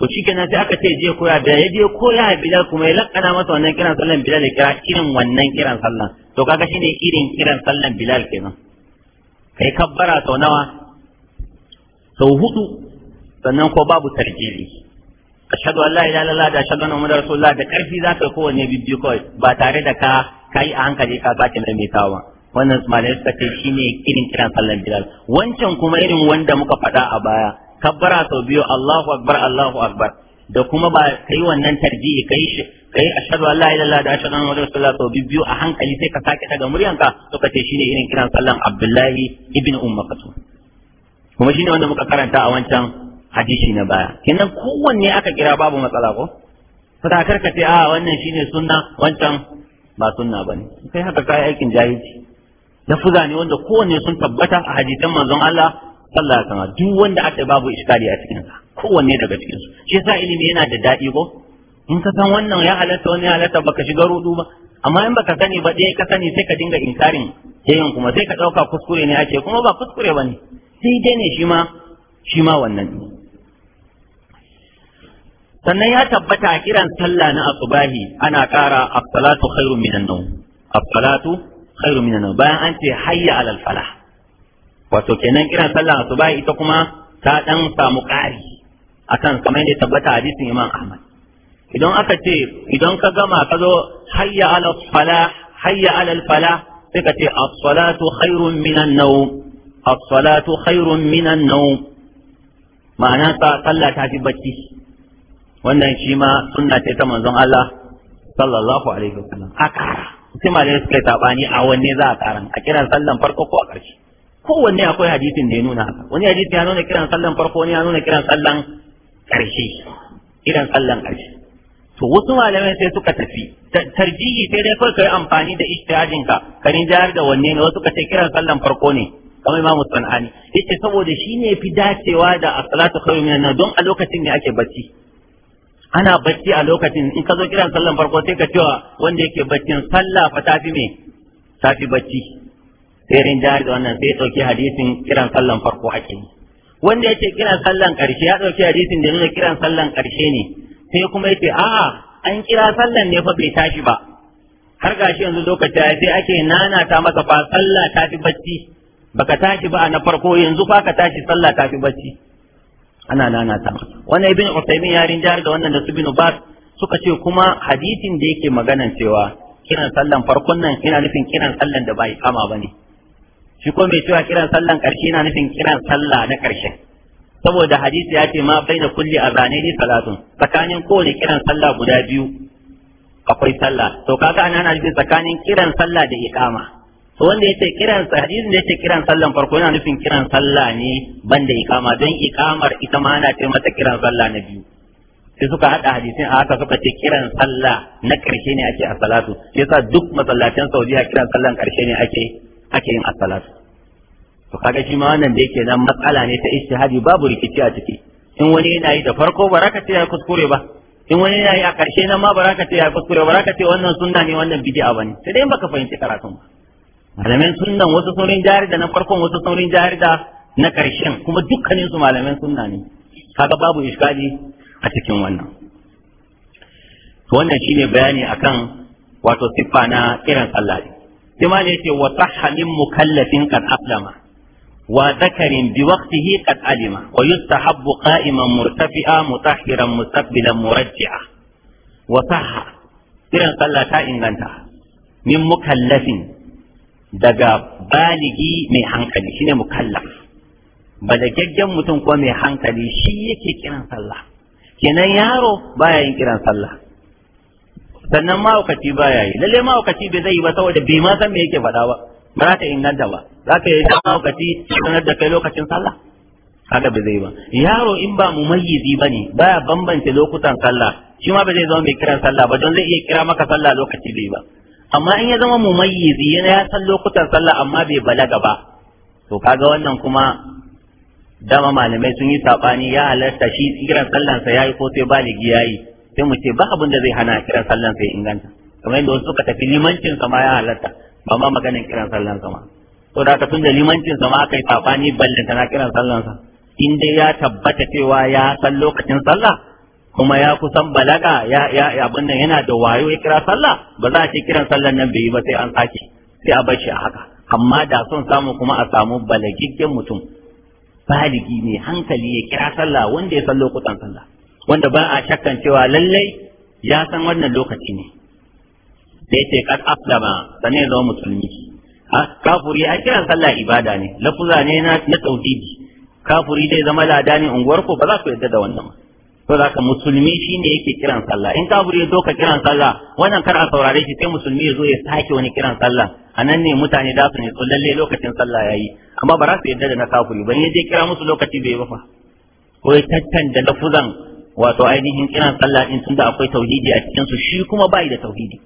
to kenan sai aka ce je koya bilal ya je koya bilal kuma ya lakana masa wannan kiran sallan bilal ya kira irin wannan kiran sallan to kaga shine irin kiran sallan bilal kenan kai kabbara sau nawa sau hudu sannan ko babu tarkili ashhadu an la ilaha illallah da ashhadu anna muhammadar rasulullah da karfi za ka kowanne bibiyu kai ba tare da ka kai a hankali ka mai maimaitawa wannan malai suka ce shine irin kiran sallan bilal wancan kuma irin wanda muka faɗa a baya kabbara sau biyu Allahu akbar Allahu akbar da kuma ba kai wannan tarjihi kai shi kai ashhadu an la ilaha da ashhadu anna muhammadar rasulullah sau biyu a hankali sai ka sake daga muryanka suka ce shine irin kiran sallan Abdullahi ibn Umma Kuma kuma shine wanda muka karanta a wancan hadisi na baya kenan kowanne aka kira babu matsala ko fadakar ka ce a ah, wannan shine sunna wancan ba sunna bane kai haka kai aikin jahilci fuza ne wanda kowanne sun tabbata a hadisan manzon Allah sallallahu alaihi wasallam duk wanda aka babu iskari a cikin sa kowanne daga cikin su shi yasa ilimi yana da dadi ko in ka san wannan ya halatta wani halatta baka shiga rudu ba amma in baka sani ba dai ka sani sai ka dinga inkarin yayin kuma sai ka dauka kuskure ne ake kuma ba kuskure bane sai dai ne shi ma shi ma wannan sannan ya tabbata a kiran sallah na asubahi ana ƙara as-salatu khairu minan nawm as khairu minan nawm bayan an ce hayya alal falah wato kenan kiran sallah asubahi ita kuma ta dan samu ƙari akan kamar yadda tabbata hadisin Imam Ahmad idan aka ce idan ka gama ka zo hayya alal falah hayya alal falah sai ka ce as-salatu khairun minan nawm as-salatu minan nawm ma'ana sallah ta fi bacci wannan shi ma suna ce ta manzon Allah sallallahu alaihi wasallam a kara sai malamai suka yi sabani a wanne za a karan a kiran sallan farko ko a ƙarshe kowanne akwai hadisin da ya nuna wani hadisi ya nuna kiran sallan farko wani ya nuna kiran sallan ƙarshe kiran sallan ƙarshe to wasu malamai sai suka tafi tarjihi sai dai kawai kai amfani da ishtihadin ka ka rinjayar da wanne ne wasu ka ce kiran sallan farko ne kamar imamu sanani yake saboda shine fi dacewa da salatu khairu minan don a lokacin ne ake bacci ana bacci a lokacin in ka zo kiran sallan farko sai ka cewa wanda yake baccin sallah fa tafi me tafi bacci sai rin jari da wannan sai dauki hadisin kiran sallan farko ake wanda yake kiran sallan karshe ya dauki hadisin da yake kiran sallan karshe ne sai kuma yace a, an kira sallan ne fa bai tashi ba har gashi yanzu lokaci ya sai ake nanata masa fa sallah tafi bacci baka tashi ba na farko yanzu fa ka tashi sallah tafi bacci ana nanata wannan ibn Uthaymeen ya rinjar da wannan da su bin Bas suka ce kuma hadisin da yake maganan cewa kiran sallan farkon nan yana nufin kiran sallan da bai kama bane shi ko mai cewa kiran sallan karshe yana nufin kiran sallah na karshe saboda hadisi ya ce ma baina kulli ni salatun tsakanin kowane kiran sallah guda biyu akwai sallah to kaga ana nufin tsakanin kiran sallah da iqama wanda yake kiran hadisin da yake kiran sallan farko yana nufin kiran sallah ne banda ikama don ikamar ita ma ana ce mata kiran sallah na biyu sai suka hada hadisin a haka suka ce kiran sallah na karshe ne ake a salatu sai yasa duk masallacin Saudiya kiran sallan karshe ne ake ake yin as-salatu to kaga shi ma wannan da yake nan matsala ne ta ishtihadi babu rikici a ciki in wani yana yi da farko baraka ce ya kuskure ba in wani yana yi a karshe nan ma baraka ce ya kuskure baraka ce wannan sunna ne wannan bid'a bane sai dai baka fahimci karatun ba malamin sunnan wasu saurin jarida na farkon wasu saurin jarida na ƙarshen kuma dukkanin su malamin sunna ne kaga babu iskali a cikin wannan to wannan shine bayani akan wato siffa na kiran sallah sai ma ne yace wa sahhalin mukallafin qad aslama وذكر بوقته قد علم ويستحب قائما مرتفعا مطهرا مستقبلا مرجعا وصح إذا صلى تا إنغانتا من مكلف daga baligi mai hankali shine mukallaf balagaggen mutum kuma mai hankali shi yake kiran sallah kenan yaro baya yin kiran sallah sannan ma'aukaci baya yi lalle ma'aukaci bai zai yi ba saboda bai ma san me yake faɗa ba ba za ta inganta ba za ka yi da ma'aukaci sanar da kai lokacin sallah haka bai zai ba yaro in ba mu mayyizi ba ne baya bambance lokutan sallah shi ma bai zai zama mai kiran sallah ba don zai iya kira maka sallah lokaci bai ba amma in ya zama mumayyizi yana ya san lokutan sallah amma bai balaga ba to kaga wannan kuma dama malamai sun yi sabani ya halarta shi kiran sallansa yayi ko sai baligi yayi sai mu ce ba abin da zai hana kiran sallansa ya inganta kamar yadda wasu suka tafi limancin sa ma ya halarta ba ma maganin kiran sallansa ma to da ka tunda limancin sa ma aka sabani ballin kana kiran sallansa in dai ya tabbata cewa ya san lokacin sallah kuma ya kusan balaga ya ya abin nan yana da wayo ya kira sallah ba za a ce kiran sallan nan bai yi ba sai an sake sai a bar shi a haka amma da son samu kuma a samu balagiggen mutum baligi ne hankali ya kira sallah wanda ya san lokutan sallah wanda ba a shakkan cewa lallai ya san wannan lokaci ne da yace kad aslama sanin zama musulmi ha kafuri a kiran sallah ibada ne lafuza ne na tauhidi kafuri dai zama lada ne unguwarku ba za ku yarda da wannan ba to za ka musulmi shine yake kiran sallah in ka ya zo ka kiran sallah wannan kar a saurare shi sai musulmi ya zo ya sake wani kiran sallah a nan ne mutane da su ne su lalle lokacin sallah yayi amma ba za su yadda da na kafuri ban ya je kira musu lokaci bai ba fa ko ya da lafuzan wato ainihin kiran sallah din da akwai tauhidi a cikin su shi kuma bai da tauhidi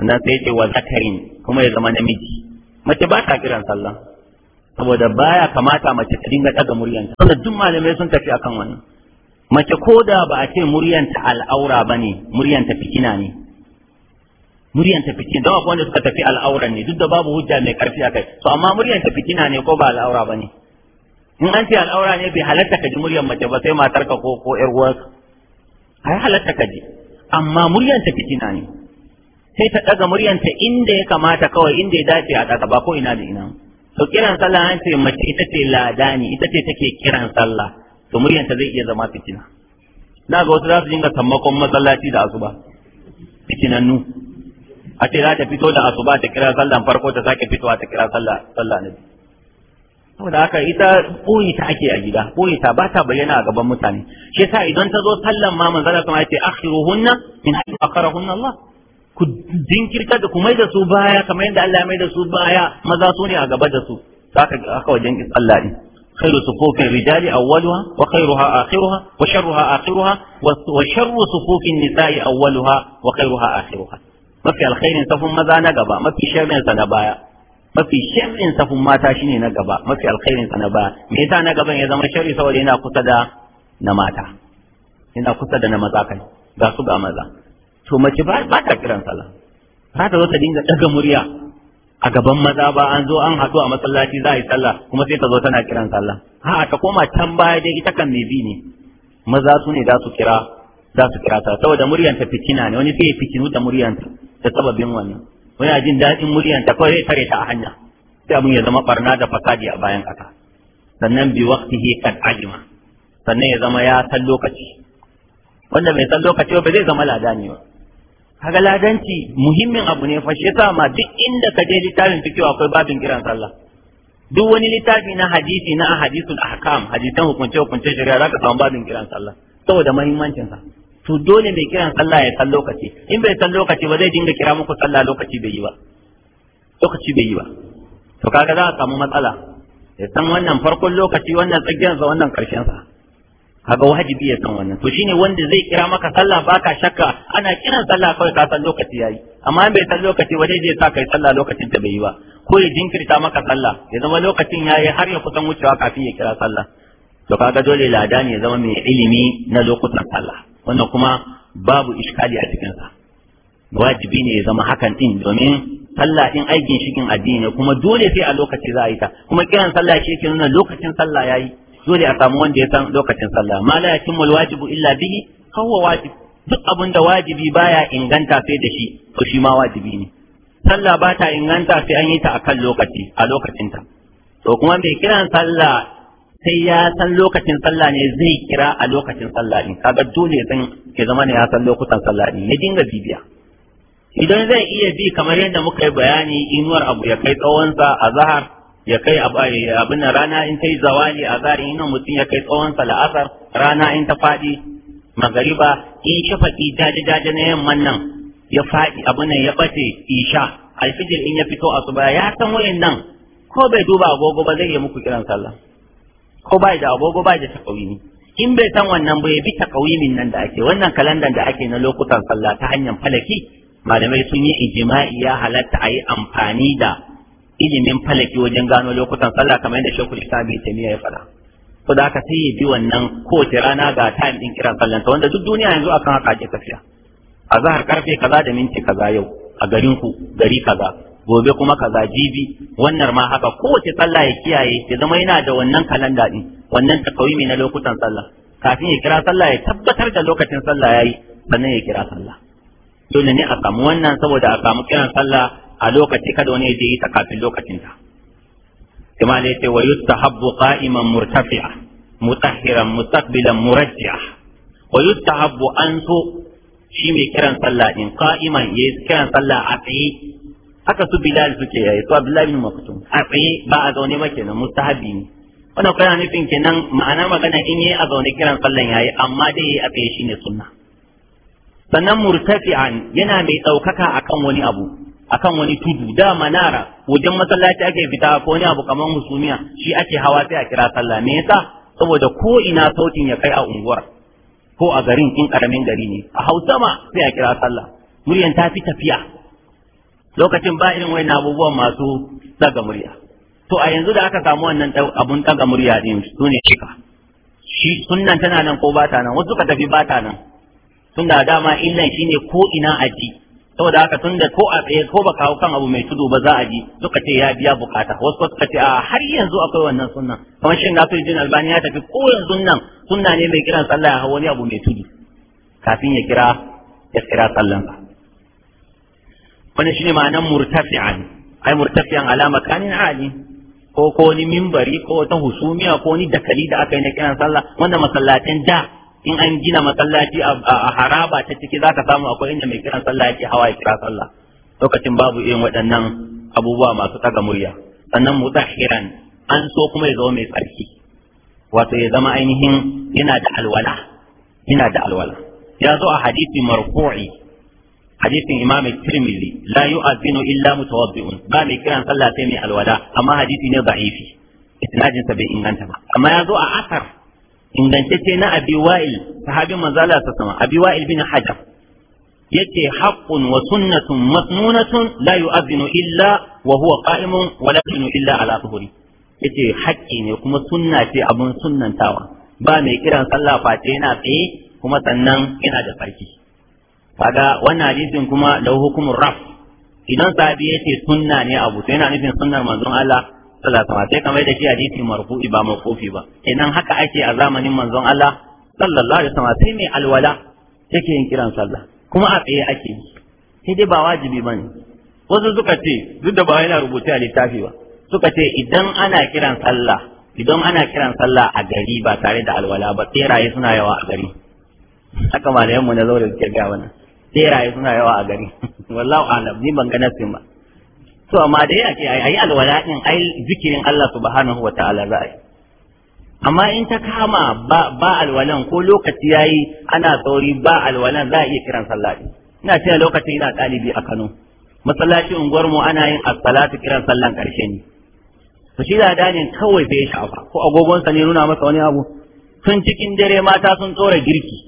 wannan sai ce wa zakarin kuma ya zama namiji mace ba ta kiran sallah saboda baya kamata mace ta dinga daga muryanta saboda duk malamai sun tafi akan wannan mace ko da ba a ce muryanta al'aura ba ne muryanta fitina ne muryanta fikina don akwai wanda suka tafi al'aura ne duk da babu hujja mai karfi a kai to amma muryanta fitina ne ko ba al'aura ba ne in an ce al'aura ne bai halatta ka ji muryar mace ba sai matarka ko ko ƴar uwarka ai halatta ka ji amma muryanta fitina ne sai ta ɗaga muryanta inda ya kamata kawai inda ya dace a daga ba ko ina da ina to kiran sallah an ce mace ita ce ladani ita ce take kiran sallah to muryanta zai iya zama fitina da ga wasu za su dinga tammakon masallaci da asuba fitinannu a ce za ta fito da asuba ta kira sallan farko ta sake fitowa ta kira sallah sallah na saboda haka ita koyi ta ake a gida koyi ta ba ta bayyana a gaban mutane shi yasa idan ta zo sallan ma manzala kuma ya ce akhiruhunna min haythu akharahunna Allah ku dinkirta da ku mai da su baya kamar yadda Allah ya mai da su baya maza su ne a gaba da su haka wajen Allah ne خير صفوف الرجال أولها وخيرها آخرها وشرها آخرها وشر صفوف النساء أولها وخيرها آخرها ما في الخير صف ماذا نقبا ما في شر سنبايا ما في شر صف ما تاشيني نقبا ما في الخير سنبايا ميتا نقبا إذا ما شر سوى لنا قصدا نماتا ina kusa da na maza kai ga su ga maza to mace ba ta kiran sallah za ta zo ta dinga daga murya a gaban maza ba an zo an haɗu a masallaci za a yi sallah kuma sai ta zo tana kiran sallah a'a ta koma can baya dai ita kan mai bi ne maza su ne za su kira za su kira ta saboda muryanta fitina ne wani sai ya fitinu da muryanta da sababin wani wani a jin daɗin muryanta kawai zai tare ta a hanya sai abin ya zama barna da fasadi a bayan ƙasa sannan bi hi kad ajma sannan ya zama ya san lokaci wanda bai san lokaci ba zai zama ladani ba kaga ladanci muhimmin abu ne fa shi yasa ma duk inda ka je littafin fikihu akwai babin kiran sallah duk wani littafi na hadisi na ahadisul ahkam hadisan hukunce hukunce shari'a zaka samu babin kiran sallah saboda muhimmancin sa to dole mai kiran sallah ya san lokaci in bai san lokaci ba zai dinga kira muku sallah lokaci bai yi ba lokaci bai yi ba to kaga za a samu matsala ya san wannan farkon lokaci wannan tsakiyarsa wannan karshen sa kaga wajibi ya san wannan to shine wanda zai kira maka sallah baka shakka ana kiran sallah kawai ka san lokaci yayi amma in bai san lokaci waje zai sa kai sallah lokacin da bai yi ba ko ya jinkirta maka sallah ya zama lokacin yayi har ya kusan wucewa kafin ya kira sallah to kaga dole lada ne ya zama mai ilimi na lokutan sallah wannan kuma babu iskali a cikin sa wajibi ne ya zama hakan din domin sallah din aikin shikin addini kuma dole sai a lokaci za a yi ta kuma kiran sallah shi ke nuna lokacin sallah yayi dole a samu wanda ya san lokacin sallah ma la yatimul wajibu illa bihi huwa wajib duk abin da wajibi baya inganta sai da shi to shi ma wajibi ne sallah ba ta inganta sai an yi ta akan lokaci a lokacinta to kuma mai kiran sallah sai ya san lokacin sallah ne zai kira a lokacin sallah din kaga dole zan ke zama ne ya san lokutan sallah din ya dinga bibiya idan zai iya bi kamar yadda muka yi bayani inuwar abu ya kai tsawonsa a zahar ya kai eh, abin rana in ta yi zawali a zarin ina mutum ya kai tsawon la'asar rana in ta faɗi magariba in shafaƙi jaje-jaje na yamman nan ya faɗi abin nan ya ɓace isha alfijir in ya fito a asuba ya san wayan nan ko bai duba agogo ba zai yi muku kiran sallah ko bai da agogo bai da takawimi in bai san wannan ba ya bi takawimin nan da ake wannan kalandar da ake na lokutan sallah ta hanyar falaki malamai sun yi ijima'i ya halatta a yi amfani da ilimin falaki wajen gano lokutan sallah kamar yadda shekul islam bin taymiya ya faɗa Ko da aka sai ya bi wannan kowace rana ga time din kiran sallan ta wanda duk duniya yanzu akan haka ake tafiya a zahar karfe kaza da minti kaza yau a garin ku gari kaza gobe kuma kaza jibi wannan ma haka kowace sallah ya kiyaye ya zama yana da wannan kalanda din wannan takawimi na lokutan sallah kafin ya kira sallah ya tabbatar da lokacin sallah yayi sannan ya kira sallah dole ne a samu wannan saboda a samu kiran sallah a lokaci kada wani ya je yi ta kafin lokacinta kuma da yace wa yustahabbu qa'iman murtafi'a mutahhiran mustaqbilan murajji'a wa yustahabbu an so shi mai kiran sallah din qa'iman yayi kiran sallah a tsaye haka su bilal suke yayi to abdullahi bin maktum a tsaye ba a zaune ba kenan mustahabi ne wannan kana nufin kenan ma'ana magana in yayi a zaune kiran sallan yayi amma dai yayi a tsaye shine sunna sannan murtafi'an yana mai ɗaukaka akan wani abu akan wani tudu da manara wajen masallaci ake fita ko wani abu kamar musumiya shi ake hawa sai a kira sallah me yasa saboda ko ina sautin ya kai a unguwar ko a garin in karamin gari ne a hausa ma sai a kira sallah muryan ta fi tafiya lokacin ba irin wayan abubuwan masu daga murya to a yanzu da aka samu wannan abun daga murya din su ne shika shi sunnan tana nan ko ba ta nan wasu ka tafi ba ta nan tunda dama illan shine ko ina aji saboda haka tun da ko a tsaye ko ba kawo kan abu mai tudu ba za a ji suka ce ya biya bukata wasu suka ce a har yanzu akwai wannan sunnan kamar shin jin Albani ya tafi ko yanzu nan sunna ne mai kiran sallah ya wani abu mai tudu kafin ya kira ya kira sallan ba wannan shine ma'anar murtafi'an ai murtafi'an alama kanin ali ko ko wani mimbari ko wata husumiya ko wani dakali da aka yi na kiran sallah wanda masallacin da in an gina masallaci a haraba ta ciki za ka samu akwai inda mai kiran sallah yake hawa ya kira sallah lokacin babu irin waɗannan abubuwa masu taga murya sannan hiran an so kuma ya zama mai tsarki wato ya zama ainihin yana da alwala yana da alwala ya zo a hadisi marfu'i hadisin imam tirmidhi la yu'adhinu illa mutawaddi'un ba mai kiran sallah sai mai alwala amma hadisi ne da'ifi isnadin sa bai inganta ba amma ya zo a asar ingantacce na abi wa'il sahabin manzo Allah ta sama abi wa'il bin hajar yace haqqun wa sunnatun masnunatun la yu'adhinu illa wa huwa qa'imun wa la yu'adhinu illa ala zuhuri yace haƙƙi ne kuma sunna ce abun sunnantawa ba mai kiran sallah face yana tsaye kuma sannan yana da farki kaga wannan hadisin kuma da hukumin raf idan sahabi yace sunna ne abu to yana nufin sunnar manzon Allah sallallahu alaihi kamar da shi hadisi marfu'i ba mawqufi ba kenan haka ake a zamanin manzon Allah sallallahu alaihi wasallam sai mai alwala take yin kiran sallah kuma a tsaye ake yi sai dai ba wajibi bane wasu suka ce duk da ba yana rubuta a littafi ba suka ce idan ana kiran sallah idan ana kiran sallah a gari ba tare da alwala ba tseraye suna yawa a gari haka malayanmu na zaure suke ga wannan tseraye suna yawa a gari wallahu alam ni ban ga nasin ba to amma da ya ce ayi alwala din ai zikirin Allah subhanahu wa ta'ala za a yi amma in ta kama ba alwalan ko lokaci yayi ana sauri ba alwalan za a iya kiran sallah ina cewa lokacin ina ɗalibi a Kano masallacin unguwar mu ana yin as-salatu kiran sallan karshe ne to shi da danin kawai bai shafa ko agogonsa ne nuna masa wani abu tun cikin dare mata sun tsora girki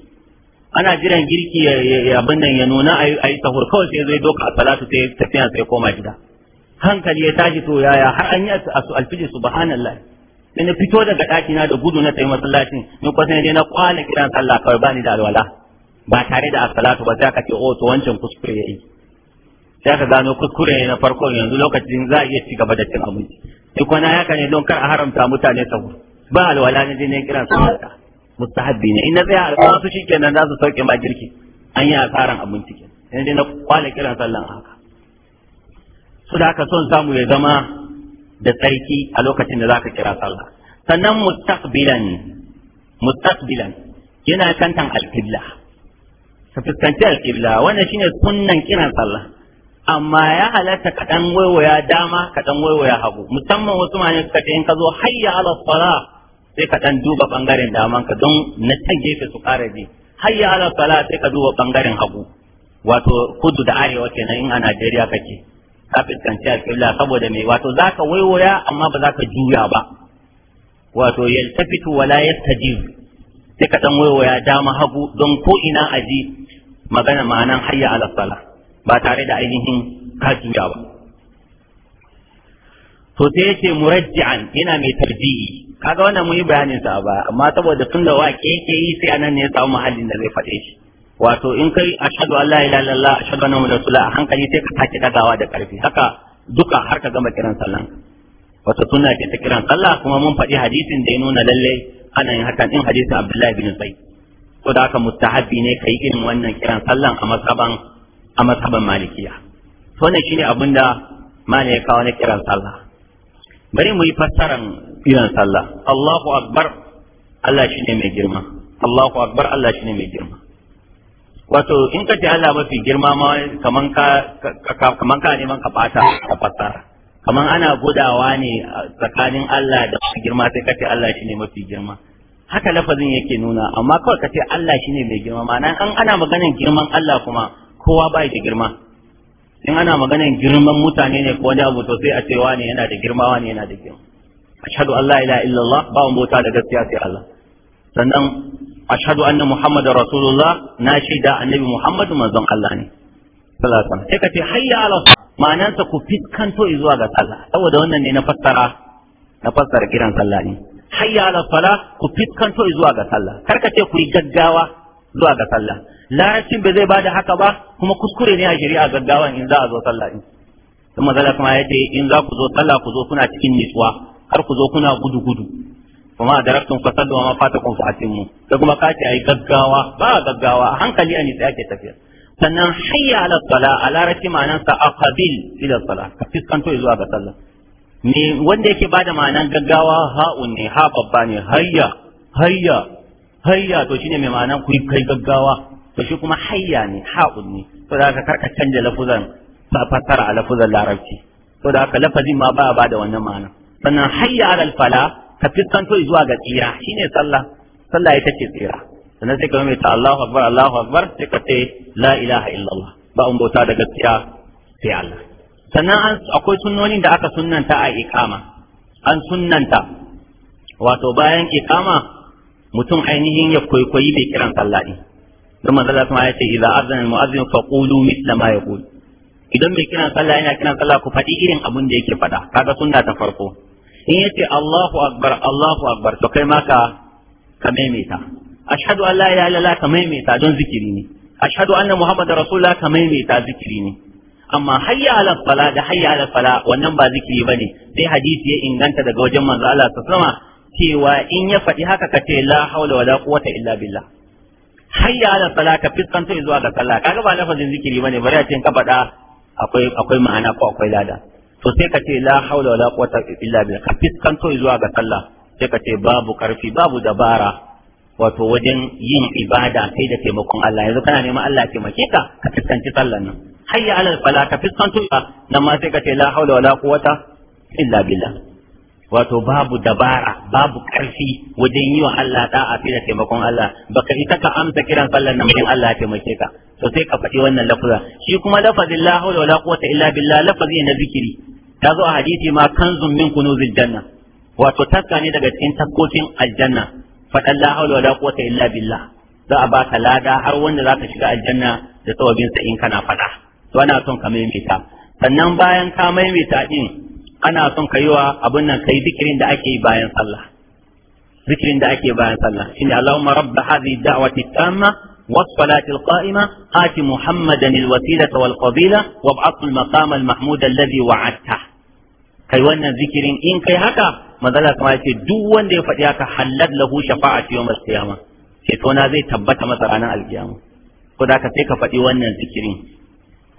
ana jiran girki ya abin nan ya nuna a yi sahur kawai sai zai doka as salatu sai tafiya sai koma gida hankali ya tashi to yaya har an yi alfijir subhanallah sai na fito daga ɗaki na da gudu na tayi masallacin ni kwasa ne na kwana kiran sallah kawai bani da alwala ba tare da asalatu ba sai ka ce o oh, to wancan kuskure yayi sai ka gano kuskure ne na farko yanzu lokacin za a iya ci gaba da cin abinci sai na yaka ne don kar a haramta mutane sahur ba alwala ne ne kiran sallah mustahabbi ne in na tsaya alƙawasu shikenan za su sauke ma girki an yi asaran abinci kenan sai na kwana kiran sallah haka su da aka son samu ya zama da tsarki a lokacin da za ka kira sallah sannan mustaqbilan mustaqbilan yana kantan alqibla ka fuskanci wanda wannan shine sunnan kiran sallah amma ya halatta ka dan waiwaya dama ka dan waiwaya hagu musamman wasu mutane suka ce in ka zo hayya ala sala sai ka dan duba bangaren daman ka don na can gefe su ƙara ji hayya ala sala sai ka duba bangaren hagu wato kudu da arewa kenan in a Najeriya kake ka fuskanci alƙibla saboda me wato za ka waiwaya amma ba za ka juya ba wato yaltafitu wala yastajib sai ka dan waiwaya dama hagu don ko ina aji magana ma'anan hayya ala sala ba tare da ainihin ka juya ba to sai yace murajji'an yana mai tarjihi kaga wannan mun yi bayanin sa ba amma saboda tun da wa ke yi sai anan ne ya samu mahallin da zai faɗe shi wato in kai ashhadu an Allah ilaha illallah ashhadu anna muhammadar rasulullah a hankali sai ka sake dagawa da karfi haka duka har ka gama kiran sallan wato suna ce ta kiran sallah kuma mun faɗi hadisin da ya nuna lalle ana yin hakan in hadisin abdullahi bin zaid ko da haka mustahabi ne yi irin wannan kiran sallan a masaban a masaban malikiya to shi ne abin da ya kawo na kiran sallah bari mu yi fassaran kiran sallah Allahu akbar Allah ne mai girma Allahu akbar Allah ne mai girma wato in ka ce Allah mafi girma ma kaman ka kaman ka neman ka fata ka fassara kaman ana gudawa ne tsakanin Allah da mafi girma sai ka ce Allah shine mafi girma haka lafazin yake nuna amma kawai ka ce Allah shine mai girma ma'ana an ana maganar girman Allah kuma kowa ba da girma in ana maganar girman mutane ne ko wani abu to sai a ce wani yana da girma wani yana da girma ashhadu an la ilaha illallah ba mu bauta da gaskiya sai Allah sannan ashhadu anna muhammadar rasulullah na shaida annabi muhammadu manzon Allah ne sallallahu alaihi wasallam sai ka ce hayya ala ma'anansa ku fiskanto zuwa ga sallah saboda wannan ne na fassara na fassara kiran sallah ne hayya ala sala ku fiskanto zuwa ga sallah kar ka ce ku yi gaggawa zuwa ga sallah larabcin bai zai bada haka ba kuma kuskure ne a shari'a gaggawan in za a zo sallah din kuma zalla kuma yace in za ku zo sallah ku zo kuna cikin nitsuwa har ku zo kuna gudu gudu kuma a daraktum fasallu wa ma fatakum fa atimmu da kuma kace ai gaggawa ba gaggawa a hankali a nitsi ake tafiya sannan hayya ala sala a larabci ma'anansa aqabil ila sala ka fiskanto zuwa ga sallah me wanda yake bada ma'anan gaggawa ha'un ne ha babba ne hayya hayya hayya to shine mai ma'anan ku kai gaggawa to shi kuma hayya ne ha'un ne to da ka karka canja lafuzan fassara a lafuzan larabci to da haka lafazin ma ba ba da wannan ma'ana sannan hayya ala fala ka fiskanto zuwa ga tsira shine sallah sallah ita ce tsira sannan sai ka mai ta Allahu akbar Allahu akbar sai ka ce la ilaha illallah ba an bauta da gaskiya sai Allah sannan akwai sunnonin da aka sunnanta a ikama an sunnanta wato bayan ikama mutum ainihin ya kwaikwayi bai kiran sallah din don manzala kuma ya ce idan azan azana almu'azzin faqulu mithla ma yaqul idan bai kiran sallah yana kiran sallah ku faɗi irin abin da yake faɗa kaga sunna ta farko in yace Allahu akbar Allahu akbar to kai ma ka maimaita ashhadu an la ilaha illallah ka maimaita don zikiri ne ashhadu anna muhammadar rasulullah ka maimaita zikiri ne amma hayya ala fala da hayya ala fala wannan ba zikiri bane sai hadisi ya inganta daga wajen manzo Allah ta sama. cewa in ya faɗi haka ka ce la hawla wala quwwata illa billah hayya ala fala ka fiskanta zuwa ga sallah kaga ba lafazin zikiri bane bari a ce in ka faɗa akwai akwai ma'ana ko akwai lada to sai ka ce la haula wala quwwata illa billah ka fiskanto zuwa ga sallah sai ka ce babu karfi babu dabara wato wajen yin ibada sai da taimakon Allah yanzu kana neman Allah ya taimake ka ka fiskanci sallan nan hayya alal fala ka fiskanto nan ma sai ka ce la haula wala quwwata illa billah wato babu dabara babu karfi wajen yi wa Allah da fi da taimakon Allah baka ita ka amsa kiran sallan nan bayan Allah ya taimake ka to sai ka faɗi wannan lafaza shi kuma lafazin la hawla wala quwwata illa billah lafazi na zikiri ta zo a hadisi ma kanzun min kunuzil janna wato taska ne daga cikin takkokin aljanna faɗan la hawla wala quwwata illa billah za a baka lada har wanda zaka shiga aljanna da sawabin sa in kana faɗa to ana son ka maimaita sannan bayan ka maimaita din ana son ka yi wa abin nan kai zikirin da ake yi bayan sallah zikirin da ake bayan sallah shine Allahumma rabb hadhihi da'wati tamma والصلاة القائمة آت محمدا الوسيلة والفضيلة وابعثه المقام المحمود الذي وعدته kai wannan zikirin in kai haka manzala kuma yace duk wanda ya faɗi haka halal lahu shafa'ati yawm al-qiyama ceto na zai tabbata masa ranar al-qiyama ko da ka sai ka faɗi wannan zikirin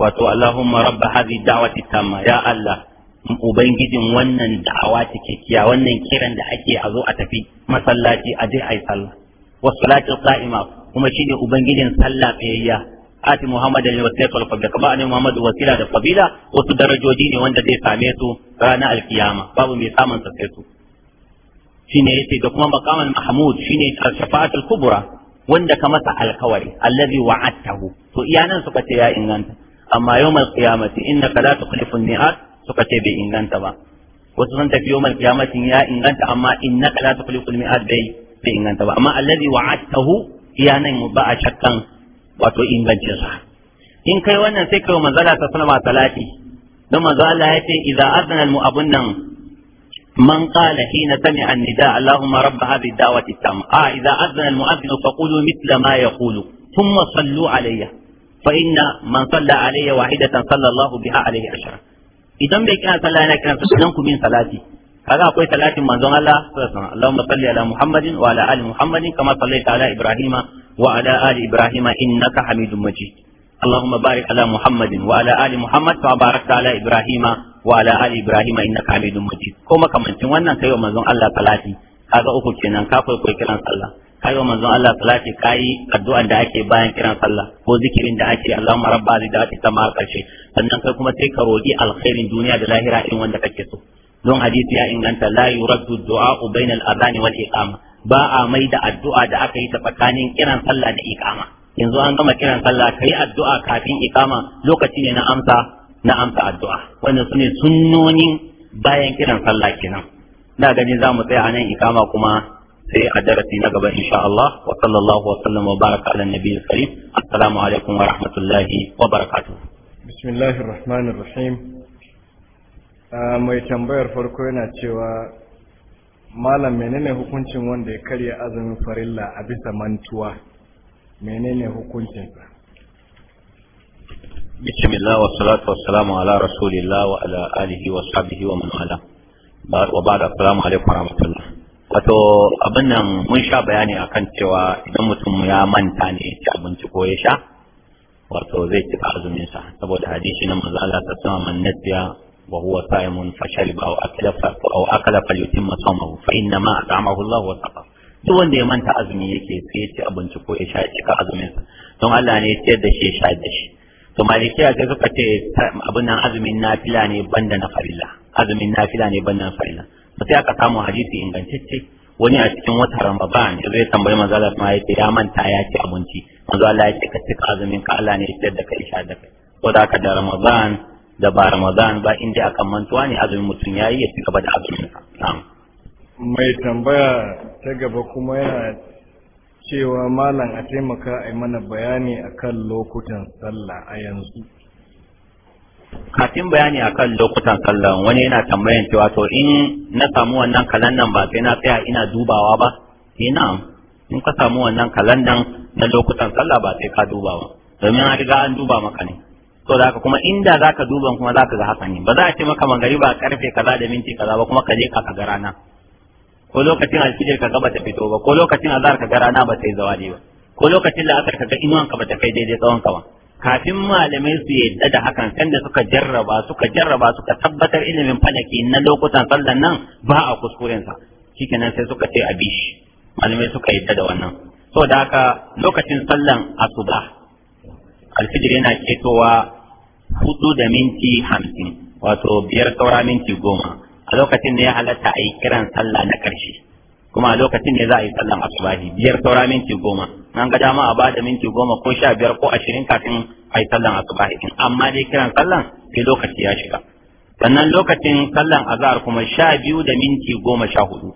wato Allahumma rabb hadhihi da'wati tamma ya Allah ubangijin wannan da'awa cikakkiya wannan kiran da ake a zo a tafi masallaci a je a yi sallah wa salatu qa'ima kuma shine ubangijin sallah tsayayya ati muhammad al wasila wal fadl kaba ne muhammad wasila da fadila wasu darajoji ne wanda zai same su ranar alkiyama babu mai samun sa sai su shine yace da kuma makaman mahmud ne shafa'atul kubra wanda ka masa alkawari allazi wa'adtahu to iyanan suka ce ya inganta amma yawmal qiyamati innaka la tukhlifu an-ni'at suka ce bai inganta ba wasu sun tafi yawmal qiyamatin ya inganta amma in innaka la tukhliqul mi'ad bai bai inganta ba amma allazi wa'adtahu ya nan ba a shakkan wato ingancin sa in kai wannan sai kai manzala ta sallama salati don manzo Allah ya ce idza azana al mu'abun nan man qala hina sami'a an-nida Allahumma rabb hadhihi ad-da'wati tam a ah, idza azana al-mu'adhdhin faqulu mithla ma yaqulu thumma sallu alayya fa inna man salla alayya wahidatan salla Allahu biha alayhi ashara idan bai kira sallah yana kira sallah ku min salati kaga akwai salatin manzon Allah sallallahu alaihi wasallam Allahumma salli ala Muhammadin wa ala ali Muhammadin kama sallaita ala Ibrahim wa ala ali Ibrahim innaka Hamidum Majid اللهم بارك على محمد وعلى ال محمد كما باركت على ابراهيم وعلى ال ابراهيم انك حميد مجيد كما كمانتين wannan kai wa manzon Allah salati kaga uku kenan ka kai kai kiran sallah kai wa manzon Allah salati kai addu'an da ake bayan kiran sallah ko zikirin da ake Allahumma da ake kama karshe sannan kai kuma sai ka roƙi alkhairin duniya da lahira irin wanda kake so don hadisi ya inganta la yuraddu du'a bainal adhan wal iqama ba a mai da addu'a da aka yi ta tsakanin kiran sallah da iqama yanzu an gama kiran sallah kai addu'a kafin iqama lokaci ne na amsa na amsa addu'a wannan sune sunnonin bayan kiran sallah kenan na gani za mu tsaya a nan iqama kuma sai a darasi na gaba insha Allah wa sallallahu wa sallam wa baraka ala karim assalamu alaikum wa rahmatullahi wa barakatuh bismillahir rahmanir rahim ah, mai tambayar farko yana cewa malam menene hukuncin wanda ya karya azumin farilla a bisa mantuwa menene hukuncinsa bismillah wa salatu wa ala rasulillah wa ala alihi wa sahbihi wa man wala wa ba'da assalamu alaikum rahmatullah wato abin nan mun sha bayani akan cewa idan mutum ya manta ne ya ci abinci ko ya sha wato zai ci azumin sa saboda hadisi na manzo Allah ta sama man nasiya wa huwa sa'imun fa shariba aw akala fa aw akala fa yutimma sawmahu fa inna ma at'amahu Allah wa saqa duk wanda ya manta azumi yake sai ya ci abinci ko ya sha cika azumin sa don Allah ne ya ce da shi ya sha da shi to malikiya sai suka ce abin nan azumin nafila ne banda na farilla azumin nafila ne banda na farilla sai aka samu hadisi ingantacce wani a cikin wata ramadan ya zai tambayi manzo Allah ya ce ya manta ya ci abinci manzo Allah ya ce cika azumin ka Allah ne ya da kai sha da kai ko da ka da Ramadan da ba Ramadan ba in dai akan mantuwa ne azumin mutum ya yi ya ci gaba da azumin ka mai tambaya ta gaba kuma yana cewa malam a taimaka a yi mana bayani akan lokutan sallah a yanzu kafin bayani akan lokutan sallah wani yana tambayan cewa to in na samu wannan kalan nan ba sai na tsaya ina dubawa ba ina eh, in ka samu wannan kalandan na lokutan sallah ba sai ka duba ba domin a riga an duba maka ne to da haka kuma inda za ka duban kuma za ka ga haka ne ba za a ce maka ba karfe kaza da minti kaza ba kuma ka je ka ga rana ko lokacin alfijir ka ga bata fito ba ko lokacin azhar ka ga rana ba sai zawadi ba ko lokacin da ka ga inuwan ka bata kai daidai tsawon ka ba kafin malamai su yadda da hakan kan da suka jarraba suka jarraba suka tabbatar ilimin falaki na lokutan sallan nan ba a kuskurensa shikenan sai suka ce a bishi malamai suka yadda da wannan so da haka lokacin sallan asuba alfijir yana ketowa hudu da minti hamsin wato biyar saura minti goma a lokacin da ya halatta a yi kiran sallah na ƙarshe kuma a lokacin ne za a yi sallan asubahi biyar saura minti goma an ga dama a bada minti goma ko sha biyar ko ashirin kafin a yi sallan asubahi din amma dai kiran sallan sai lokaci ya shiga sannan lokacin sallan azhar kuma sha biyu da minti goma sha hudu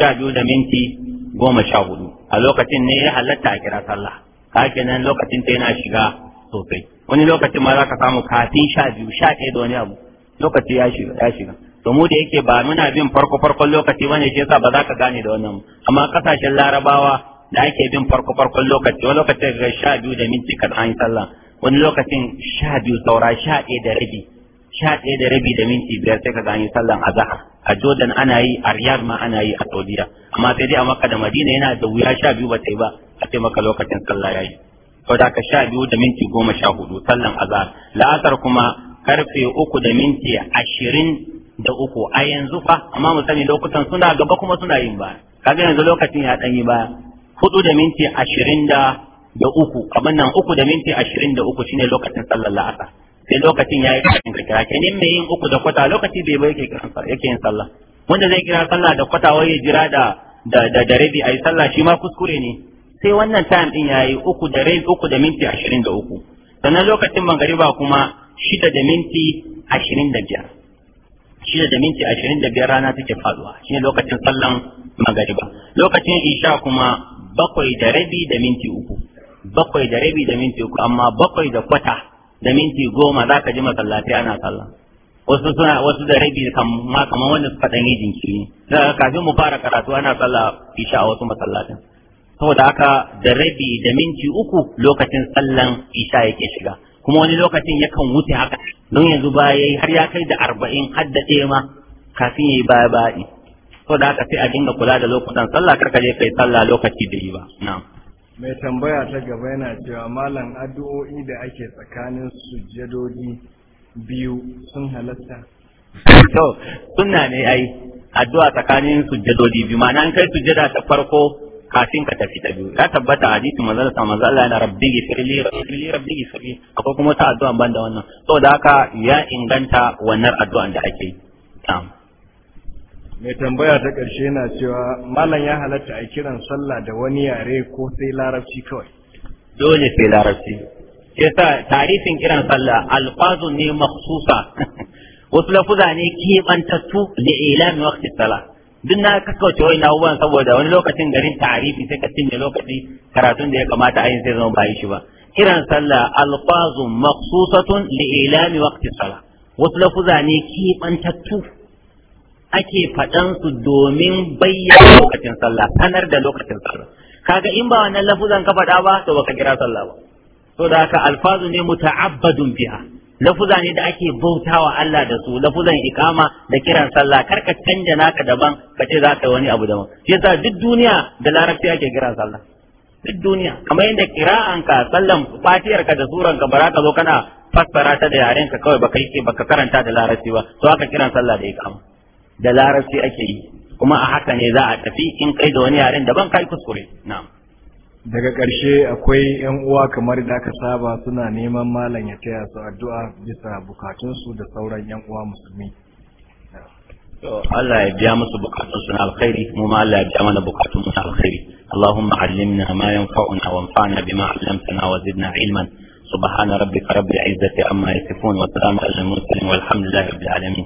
sha biyu da minti goma sha hudu a lokacin ne ya halatta a kira sallah kake nan lokacin ta yana shiga sosai wani lokacin ma za ka samu kafin sha biyu sha ɗaya da wani abu lokaci ya shiga ya shiga to mu da yake ba muna bin farko farkon lokaci bane shi yasa ba za ka gane da wannan amma kasashen larabawa da ake bin farko farkon lokaci wani lokacin ga sha biyu da minti kaɗan an yi sallah wani lokacin sha biyu saura sha ɗaya da rabi sha ɗaya da rabi da minti biyar sai ka ga yi sallan azahar a jordan ana yi a riyad ma ana yi a saudiya amma sai dai a maka da madina yana da wuya sha biyu ba ta yi ba a ce maka lokacin sallah ya yi da ka sha biyu da minti goma sha hudu sallan azahar la'asar kuma karfe uku da minti ashirin da uku a yanzu fa amma mu sani lokutan suna gaba kuma suna yin ba kaga yanzu lokacin ya dan ba hudu da minti ashirin da uku abin nan uku da minti ashirin da uku shine lokacin sallar la'asa sai lokacin ya yi kafin ka kira nin mai yin uku da kwata lokaci bai bai yake kiran yake yin sallah wanda zai kira sallah da kwata wai ya jira da da da, da rabi ayi sallah shi ma kuskure ne sai wannan time din yayi uku da rabi uku da minti ashirin da uku sannan lokacin magariba kuma shida da minti ashirin da biyar shida da minti ashirin da biyar rana take faduwa ne lokacin sallan magariba lokacin isha kuma bakwai da rabi da minti uku bakwai da rabi da minti uku amma bakwai da kwata da minti goma za ka ji masallaci ana sallah wasu suna wasu da rabi kamar kamar wanda suka dan yi jinkiri da kafin mu fara karatu ana sallah isha a wasu masallacin saboda haka da rabi da minti uku lokacin sallan isha yake shiga kuma wani lokacin yakan wuce haka don yanzu ba yayi har ya kai da arba'in har da ɗaya ma kafin yayi baya baɗi saboda haka sai a dinga kula da lokutan sallah ka je kai sallah lokaci da yi ba na'am mai tambaya ta gaba yana cewa malam addu'o'i da ake tsakanin sujjadodi biyu sun halatta to sunna ne ai addu'a tsakanin sujjadodi biyu ma'ana an kai sujjada ta farko kafin ka tafi ta biyu ya tabbata hadisi manzon sa manzon Allah yana rabbi gifirli rabbi rabbi gifirli akwai kuma ta addu'a ban da wannan saboda haka ya inganta wannan addu'an da ake yi mai tambaya ta ƙarshe na cewa malam ya halatta a kiran sallah da wani yare ko sai larabci kawai dole sai larabci ke sa tarifin kiran sallah alfazu ne maksusa wasu lafuza ne keɓantattu da ilami waqti sallah duk na kakkauce wai na saboda wani lokacin garin tarifi sai ka cinye lokaci karatun da ya kamata a yin sai zama shi ba kiran sallah alfazu maksusatun li ilami waqti sallah wasu lafuza ne keɓantattu ake faɗan su domin bayyana lokacin sallah sanar da lokacin sallah kaga in ba wannan lafuzan ka faɗa ba to baka kira sallah ba to da haka alfazu ne muta'abbadun biha lafuza ne da ake bautawa Allah da su lafuzan ikama da kiran sallah kar canja naka daban ka ce za ka wani abu daban shi yasa duk duniya da larabci ake kiran sallah duk duniya kamar yadda kira'anka sallan ka da suranka ba za zo kana fassara ta da yarenka kawai baka yi baka karanta da larabci ba to haka kiran sallah da ikama da larabci ake yi kuma a haka ne za a tafi in kai da wani yaren daban kai kuskure na'am daga ƙarshe akwai 'yan uwa kamar da aka saba suna neman malam ya taya su addu'a bisa bukatunsu da sauran 'yan uwa musulmi Allah ya biya musu bukatun suna alkhairi mu ma Allah ya biya mana bukatun suna alkhairi Allahumma allimna ma yanfa'una wa anfa'na bima 'allamtana wa zidna ilman subhana rabbika rabbil izzati amma yasifun wa salamun alal mursalin walhamdulillahi rabbil alamin